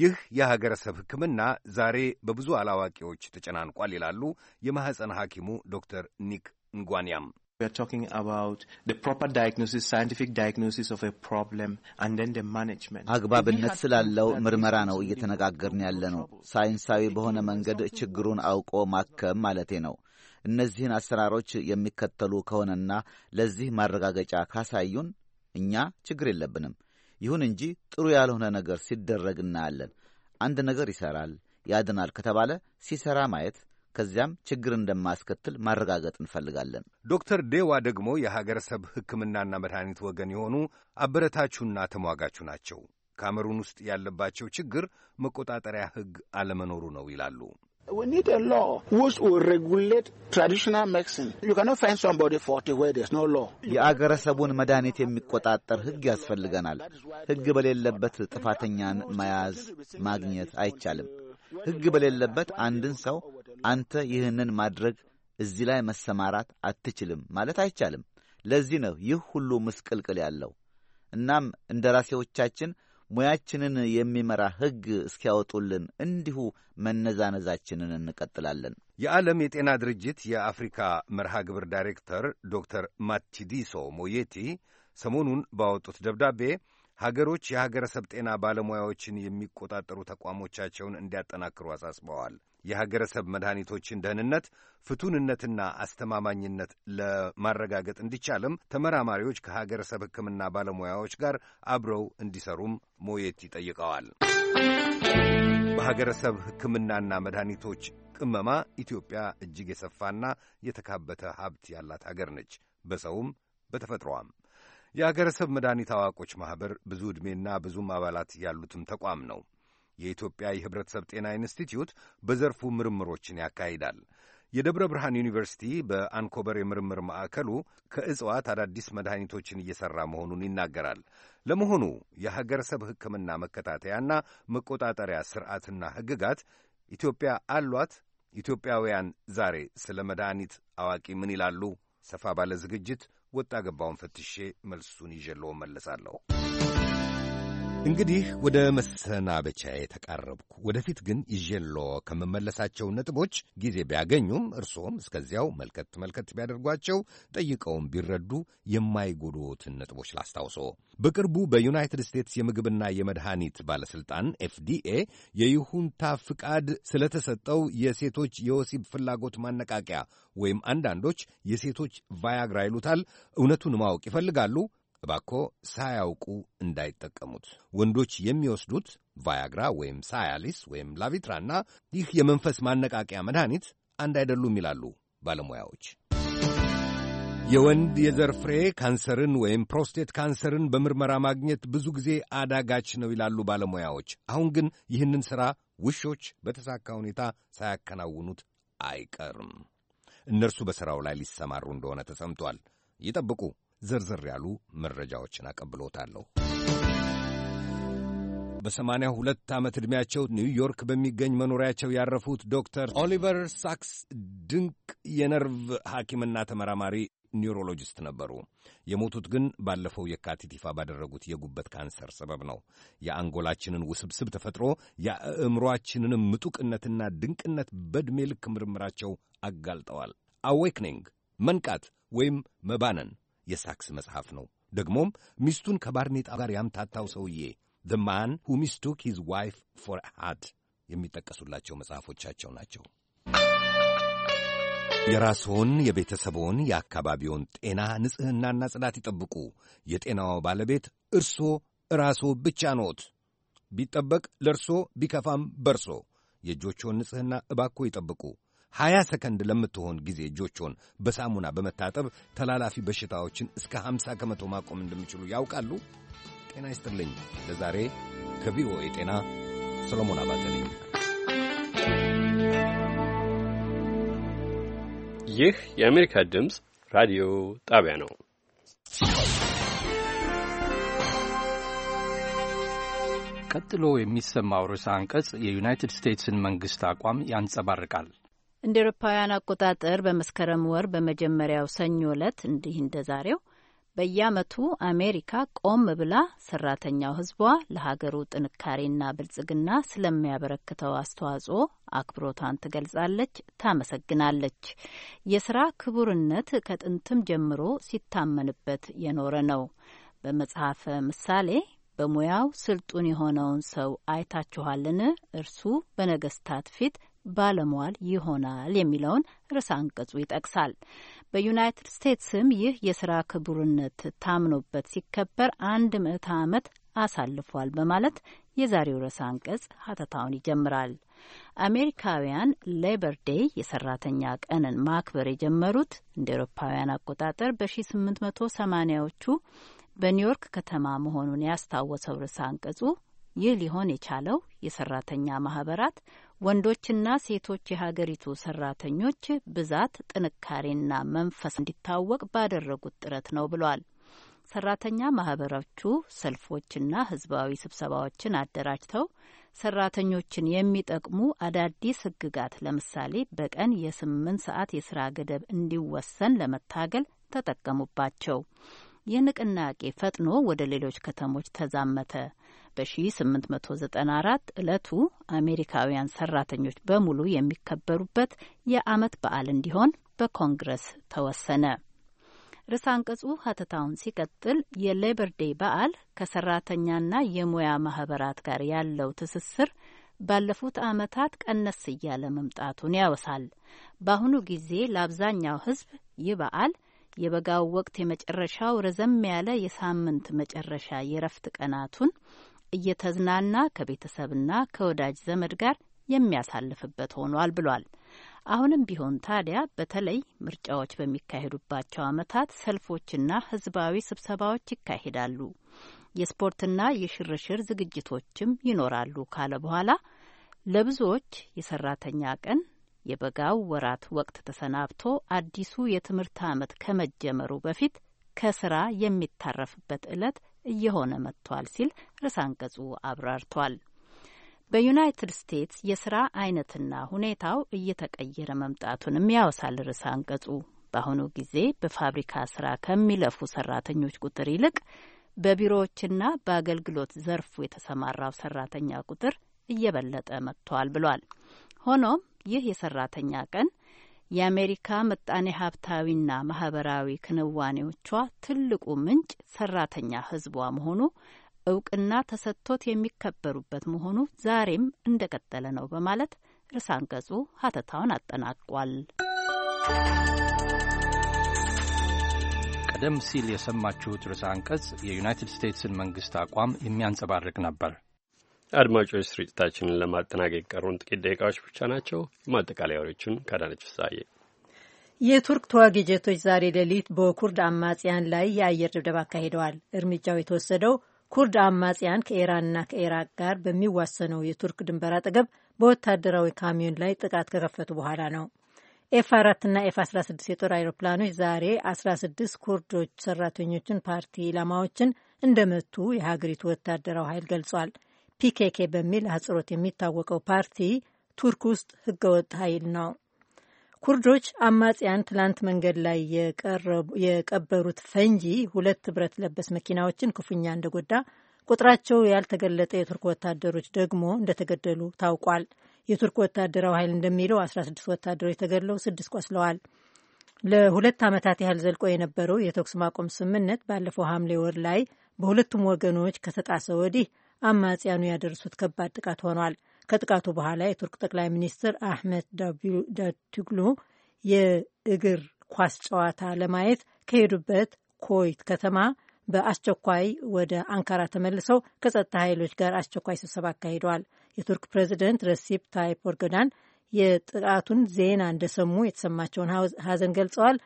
ይህ የሀገረሰብ ሕክምና ዛሬ በብዙ አላዋቂዎች ተጨናንቋል ይላሉ የማኅፀን ሐኪሙ ዶክተር ኒክ ንጓንያም። We are talking about the proper diagnosis, scientific diagnosis of a problem and then the management. አግባብነት ስላለው ምርመራ ነው እየተነጋገርን ያለ ነው። ሳይንሳዊ በሆነ መንገድ ችግሩን አውቆ ማከም ማለቴ ነው። እነዚህን አሰራሮች የሚከተሉ ከሆነና ለዚህ ማረጋገጫ ካሳዩን እኛ ችግር የለብንም። ይሁን እንጂ ጥሩ ያልሆነ ነገር ሲደረግ እናያለን። አንድ ነገር ይሰራል፣ ያድናል ከተባለ ሲሰራ ማየት ከዚያም ችግር እንደማያስከትል ማረጋገጥ እንፈልጋለን። ዶክተር ዴዋ ደግሞ የሀገረሰብ ሕክምናና መድኃኒት ወገን የሆኑ አበረታቹና ተሟጋቹ ናቸው። ካሜሩን ውስጥ ያለባቸው ችግር መቆጣጠሪያ ሕግ አለመኖሩ ነው ይላሉ። የአገረሰቡን መድኃኒት የሚቆጣጠር ሕግ ያስፈልገናል። ሕግ በሌለበት ጥፋተኛን መያዝ ማግኘት አይቻልም። ሕግ በሌለበት አንድን ሰው አንተ ይህንን ማድረግ እዚህ ላይ መሰማራት አትችልም ማለት አይቻልም። ለዚህ ነው ይህ ሁሉ ምስቅልቅል ያለው። እናም እንደ ራሴዎቻችን ሙያችንን የሚመራ ሕግ እስኪያወጡልን እንዲሁ መነዛነዛችንን እንቀጥላለን። የዓለም የጤና ድርጅት የአፍሪካ መርሃ ግብር ዳይሬክተር ዶክተር ማትሺዲሶ ሞየቲ ሰሞኑን ባወጡት ደብዳቤ ሀገሮች የሀገረሰብ ጤና ባለሙያዎችን የሚቆጣጠሩ ተቋሞቻቸውን እንዲያጠናክሩ አሳስበዋል። የሀገረሰብ መድኃኒቶችን ደህንነት ፍቱንነትና አስተማማኝነት ለማረጋገጥ እንዲቻልም ተመራማሪዎች ከሀገረሰብ ሕክምና ባለሙያዎች ጋር አብረው እንዲሰሩም ሞየቲ ጠይቀዋል። በሀገረሰብ ሕክምናና መድኃኒቶች ቅመማ ኢትዮጵያ እጅግ የሰፋና የተካበተ ሀብት ያላት አገር ነች፣ በሰውም በተፈጥሮዋም። የአገረሰብ መድኃኒት አዋቆች ማኅበር ብዙ ዕድሜና ብዙም አባላት ያሉትም ተቋም ነው። የኢትዮጵያ የህብረተሰብ ጤና ኢንስቲትዩት በዘርፉ ምርምሮችን ያካሂዳል። የደብረ ብርሃን ዩኒቨርሲቲ በአንኮበር የምርምር ማዕከሉ ከእጽዋት አዳዲስ መድኃኒቶችን እየሠራ መሆኑን ይናገራል። ለመሆኑ የሀገረሰብ ሕክምና መከታተያና መቆጣጠሪያ ስርዓትና ህግጋት ኢትዮጵያ አሏት? ኢትዮጵያውያን ዛሬ ስለ መድኃኒት አዋቂ ምን ይላሉ? ሰፋ ባለ ዝግጅት ወጣ ገባውን ፈትሼ መልሱን ይዤለው መለሳለሁ። እንግዲህ ወደ መሰናበቻ የተቃረብኩ ወደፊት ግን ይዤሎ ከመመለሳቸው ነጥቦች ጊዜ ቢያገኙም እርስዎም እስከዚያው መልከት መልከት ቢያደርጓቸው ጠይቀውም ቢረዱ የማይጎዱትን ነጥቦች ላስታውሶ። በቅርቡ በዩናይትድ ስቴትስ የምግብና የመድኃኒት ባለሥልጣን ኤፍዲኤ የይሁንታ ፍቃድ ስለተሰጠው የሴቶች የወሲብ ፍላጎት ማነቃቂያ ወይም አንዳንዶች የሴቶች ቫያግራ ይሉታል እውነቱን ማወቅ ይፈልጋሉ እባኮ ሳያውቁ እንዳይጠቀሙት። ወንዶች የሚወስዱት ቫያግራ ወይም ሳያሊስ ወይም ላቪትራና ይህ የመንፈስ ማነቃቂያ መድኃኒት አንድ አይደሉም ይላሉ ባለሙያዎች። የወንድ የዘር ፍሬ ካንሰርን ወይም ፕሮስቴት ካንሰርን በምርመራ ማግኘት ብዙ ጊዜ አዳጋች ነው ይላሉ ባለሙያዎች። አሁን ግን ይህንን ሥራ ውሾች በተሳካ ሁኔታ ሳያከናውኑት አይቀርም። እነርሱ በሥራው ላይ ሊሰማሩ እንደሆነ ተሰምቷል። ይጠብቁ። ዝርዝር ያሉ መረጃዎችን አቀብሎታለሁ። በሰማንያ ሁለት ዓመት ዕድሜያቸው ኒውዮርክ በሚገኝ መኖሪያቸው ያረፉት ዶክተር ኦሊቨር ሳክስ ድንቅ የነርቭ ሐኪምና ተመራማሪ ኒውሮሎጂስት ነበሩ። የሞቱት ግን ባለፈው የካቲት ይፋ ባደረጉት የጉበት ካንሰር ሰበብ ነው። የአንጎላችንን ውስብስብ ተፈጥሮ የአእምሮአችንንም ምጡቅነትና ድንቅነት በዕድሜ ልክ ምርምራቸው አጋልጠዋል። አዌክኒንግ መንቃት ወይም መባነን የሳክስ መጽሐፍ ነው። ደግሞም ሚስቱን ከባርኔጣ ጋር ያምታታው ሰውዬ ዘ ማን ሁ ሚስቱክ ሂዝ ዋይፍ ፎር ሃድ የሚጠቀሱላቸው መጽሐፎቻቸው ናቸው። የራስዎን የቤተሰብዎን፣ የአካባቢውን ጤና ንጽሕናና ጽዳት ይጠብቁ። የጤናው ባለቤት እርሶ ራስዎ ብቻ ኖት። ቢጠበቅ ለርሶ ቢከፋም በርሶ። የእጆችዎን ንጽሕና እባኮ ይጠብቁ። 20 ሰከንድ ለምትሆን ጊዜ እጆችን በሳሙና በመታጠብ ተላላፊ በሽታዎችን እስከ 50 ከመቶ ማቆም እንደሚችሉ ያውቃሉ? ጤና ይስጥልኝ። ለዛሬ ከቪኦኤ ጤና ሰሎሞን አባተ ነኝ። ይህ የአሜሪካ ድምፅ ራዲዮ ጣቢያ ነው። ቀጥሎ የሚሰማው ርዕሰ አንቀጽ የዩናይትድ ስቴትስን መንግሥት አቋም ያንጸባርቃል። እንደ ኤሮፓውያን አቆጣጠር በመስከረም ወር በመጀመሪያው ሰኞ ዕለት እንዲህ እንደ ዛሬው በየዓመቱ አሜሪካ ቆም ብላ ሰራተኛው ሕዝቧ ለሀገሩ ጥንካሬና ብልጽግና ስለሚያበረክተው አስተዋጽኦ አክብሮቷን ትገልጻለች፣ ታመሰግናለች። የስራ ክቡርነት ከጥንትም ጀምሮ ሲታመንበት የኖረ ነው። በመጽሐፈ ምሳሌ በሙያው ስልጡን የሆነውን ሰው አይታችኋልን? እርሱ በነገስታት ፊት ባለሟል ይሆናል የሚለውን ርዕሰ አንቀጹ ይጠቅሳል። በዩናይትድ ስቴትስም ይህ የስራ ክቡርነት ታምኖበት ሲከበር አንድ ምዕተ ዓመት አሳልፏል በማለት የዛሬው ርዕሰ አንቀጽ ሀተታውን ይጀምራል። አሜሪካውያን ሌበር ዴይ የሰራተኛ ቀንን ማክበር የጀመሩት እንደ ኤሮፓውያን አቆጣጠር በ1880ዎቹ በኒውዮርክ ከተማ መሆኑን ያስታወሰው ርዕሰ አንቀጹ ይህ ሊሆን የቻለው የሰራተኛ ማህበራት ወንዶችና ሴቶች የሀገሪቱ ሰራተኞች ብዛት ጥንካሬና መንፈስ እንዲታወቅ ባደረጉት ጥረት ነው ብሏል። ሰራተኛ ማህበሮቹ ሰልፎችና ህዝባዊ ስብሰባዎችን አደራጅተው ሰራተኞችን የሚጠቅሙ አዳዲስ ህግጋት ለምሳሌ በቀን የስምንት ሰዓት የስራ ገደብ እንዲወሰን ለመታገል ተጠቀሙባቸው። ይህ ንቅናቄ ፈጥኖ ወደ ሌሎች ከተሞች ተዛመተ። በ1894 ዕለቱ አሜሪካውያን ሰራተኞች በሙሉ የሚከበሩበት የዓመት በዓል እንዲሆን በኮንግረስ ተወሰነ። ርዕሰ አንቀጹ ሀተታውን ሲቀጥል የሌበር ዴይ በዓል ከሰራተኛና የሙያ ማህበራት ጋር ያለው ትስስር ባለፉት ዓመታት ቀነስ እያለ መምጣቱን ያወሳል። በአሁኑ ጊዜ ለአብዛኛው ሕዝብ ይህ በዓል የበጋው ወቅት የመጨረሻው ረዘም ያለ የሳምንት መጨረሻ የረፍት ቀናቱን እየተዝናና ከቤተሰብና ከወዳጅ ዘመድ ጋር የሚያሳልፍበት ሆኗል ብሏል። አሁንም ቢሆን ታዲያ በተለይ ምርጫዎች በሚካሄዱባቸው ዓመታት ሰልፎችና ህዝባዊ ስብሰባዎች ይካሄዳሉ። የስፖርትና የሽርሽር ዝግጅቶችም ይኖራሉ ካለ በኋላ ለብዙዎች የሰራተኛ ቀን የበጋው ወራት ወቅት ተሰናብቶ አዲሱ የትምህርት ዓመት ከመጀመሩ በፊት ከስራ የሚታረፍበት ዕለት እየሆነ መጥቷል ሲል ርዕሰ አንቀጹ አብራርቷል። በዩናይትድ ስቴትስ የስራ አይነትና ሁኔታው እየተቀየረ መምጣቱንም ያወሳል ርዕሰ አንቀጹ። በአሁኑ ጊዜ በፋብሪካ ስራ ከሚለፉ ሰራተኞች ቁጥር ይልቅ በቢሮዎችና በአገልግሎት ዘርፉ የተሰማራው ሰራተኛ ቁጥር እየበለጠ መጥቷል ብሏል። ሆኖም ይህ የሰራተኛ ቀን የአሜሪካ ምጣኔ ሀብታዊና ማህበራዊ ክንዋኔዎቿ ትልቁ ምንጭ ሰራተኛ ህዝቧ መሆኑ እውቅና ተሰጥቶት የሚከበሩበት መሆኑ ዛሬም እንደቀጠለ ነው በማለት ርዕሰ አንቀጹ ሀተታውን አጠናቋል። ቀደም ሲል የሰማችሁት ርዕሰ አንቀጽ የዩናይትድ ስቴትስን መንግስት አቋም የሚያንጸባርቅ ነበር። አድማጮች ስርጭታችንን ለማጠናቀቅ ቀሩን ጥቂት ደቂቃዎች ብቻ ናቸው። ማጠቃለያ ወሬዎቹን ካዳነች ፍሳዬ። የቱርክ ተዋጊ ጀቶች ዛሬ ሌሊት በኩርድ አማጽያን ላይ የአየር ድብደባ አካሂደዋል። እርምጃው የተወሰደው ኩርድ አማጽያን ከኢራንና ከኢራቅ ጋር በሚዋሰነው የቱርክ ድንበር አጠገብ በወታደራዊ ካሚዮን ላይ ጥቃት ከከፈቱ በኋላ ነው። ኤፍ 4ና ኤፍ 16 የጦር አይሮፕላኖች ዛሬ 16 ኩርዶች ሰራተኞችን ፓርቲ ኢላማዎችን እንደመቱ የሀገሪቱ ወታደራዊ ኃይል ገልጿል። ፒኬኬ በሚል አጽሮት የሚታወቀው ፓርቲ ቱርክ ውስጥ ህገወጥ ኃይል ነው። ኩርዶች አማጽያን ትላንት መንገድ ላይ የቀበሩት ፈንጂ ሁለት ብረት ለበስ መኪናዎችን ክፉኛ እንደጎዳ፣ ቁጥራቸው ያልተገለጠ የቱርክ ወታደሮች ደግሞ እንደተገደሉ ታውቋል። የቱርክ ወታደራዊ ኃይል እንደሚለው 16 ወታደሮች ተገድለው ስድስት ቆስለዋል። ለሁለት ዓመታት ያህል ዘልቆ የነበረው የተኩስ ማቆም ስምምነት ባለፈው ሐምሌ ወር ላይ በሁለቱም ወገኖች ከተጣሰ ወዲህ አማጽያኑ ያደረሱት ከባድ ጥቃት ሆኗል። ከጥቃቱ በኋላ የቱርክ ጠቅላይ ሚኒስትር አህመት ዳውትግሉ የእግር ኳስ ጨዋታ ለማየት ከሄዱበት ኮይት ከተማ በአስቸኳይ ወደ አንካራ ተመልሰው ከጸጥታ ኃይሎች ጋር አስቸኳይ ስብሰባ አካሂደዋል። የቱርክ ፕሬዚደንት ረሲፕ ታይፕ ኤርዶጋን የጥቃቱን ዜና እንደሰሙ የተሰማቸውን ሀዘን ገልጸዋል።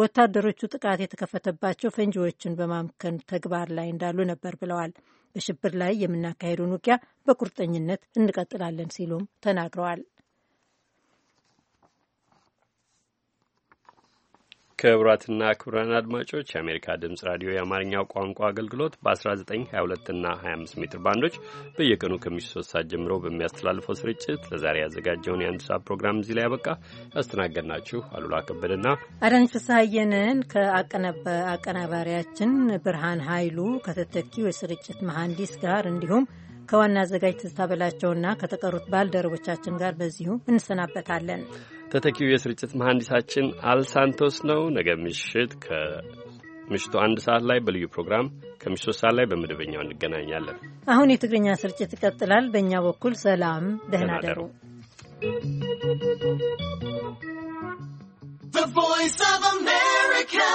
ወታደሮቹ ጥቃት የተከፈተባቸው ፈንጂዎችን በማምከን ተግባር ላይ እንዳሉ ነበር ብለዋል። በሽብር ላይ የምናካሄደውን ውጊያ በቁርጠኝነት እንቀጥላለን ሲሉም ተናግረዋል። ክቡራትና ክቡራን አድማጮች የአሜሪካ ድምፅ ራዲዮ የአማርኛው ቋንቋ አገልግሎት በ1922 እና 25 ሜትር ባንዶች በየቀኑ ከምሽቱ 3 ሰዓት ጀምሮ በሚያስተላልፈው ስርጭት ለዛሬ ያዘጋጀውን የአንድ ሰዓት ፕሮግራም እዚህ ላይ ያበቃ። ያስተናገድናችሁ አሉላ ከበደና አዳነች ፍስሐየንን ከአቀናባሪያችን ብርሃን ኃይሉ ከተተኪው የስርጭት መሐንዲስ ጋር እንዲሁም ከዋና አዘጋጅ ትዝታ በላቸውና ከተቀሩት ባልደረቦቻችን ጋር በዚሁ እንሰናበታለን። ተተኪው የስርጭት መሐንዲሳችን አልሳንቶስ ነው። ነገ ምሽት ከምሽቱ አንድ ሰዓት ላይ በልዩ ፕሮግራም ከምሽቱ ሶስት ሰዓት ላይ በመደበኛው እንገናኛለን። አሁን የትግርኛ ስርጭት ይቀጥላል። በእኛ በኩል ሰላም፣ ደህና ደሩ። The Voice of America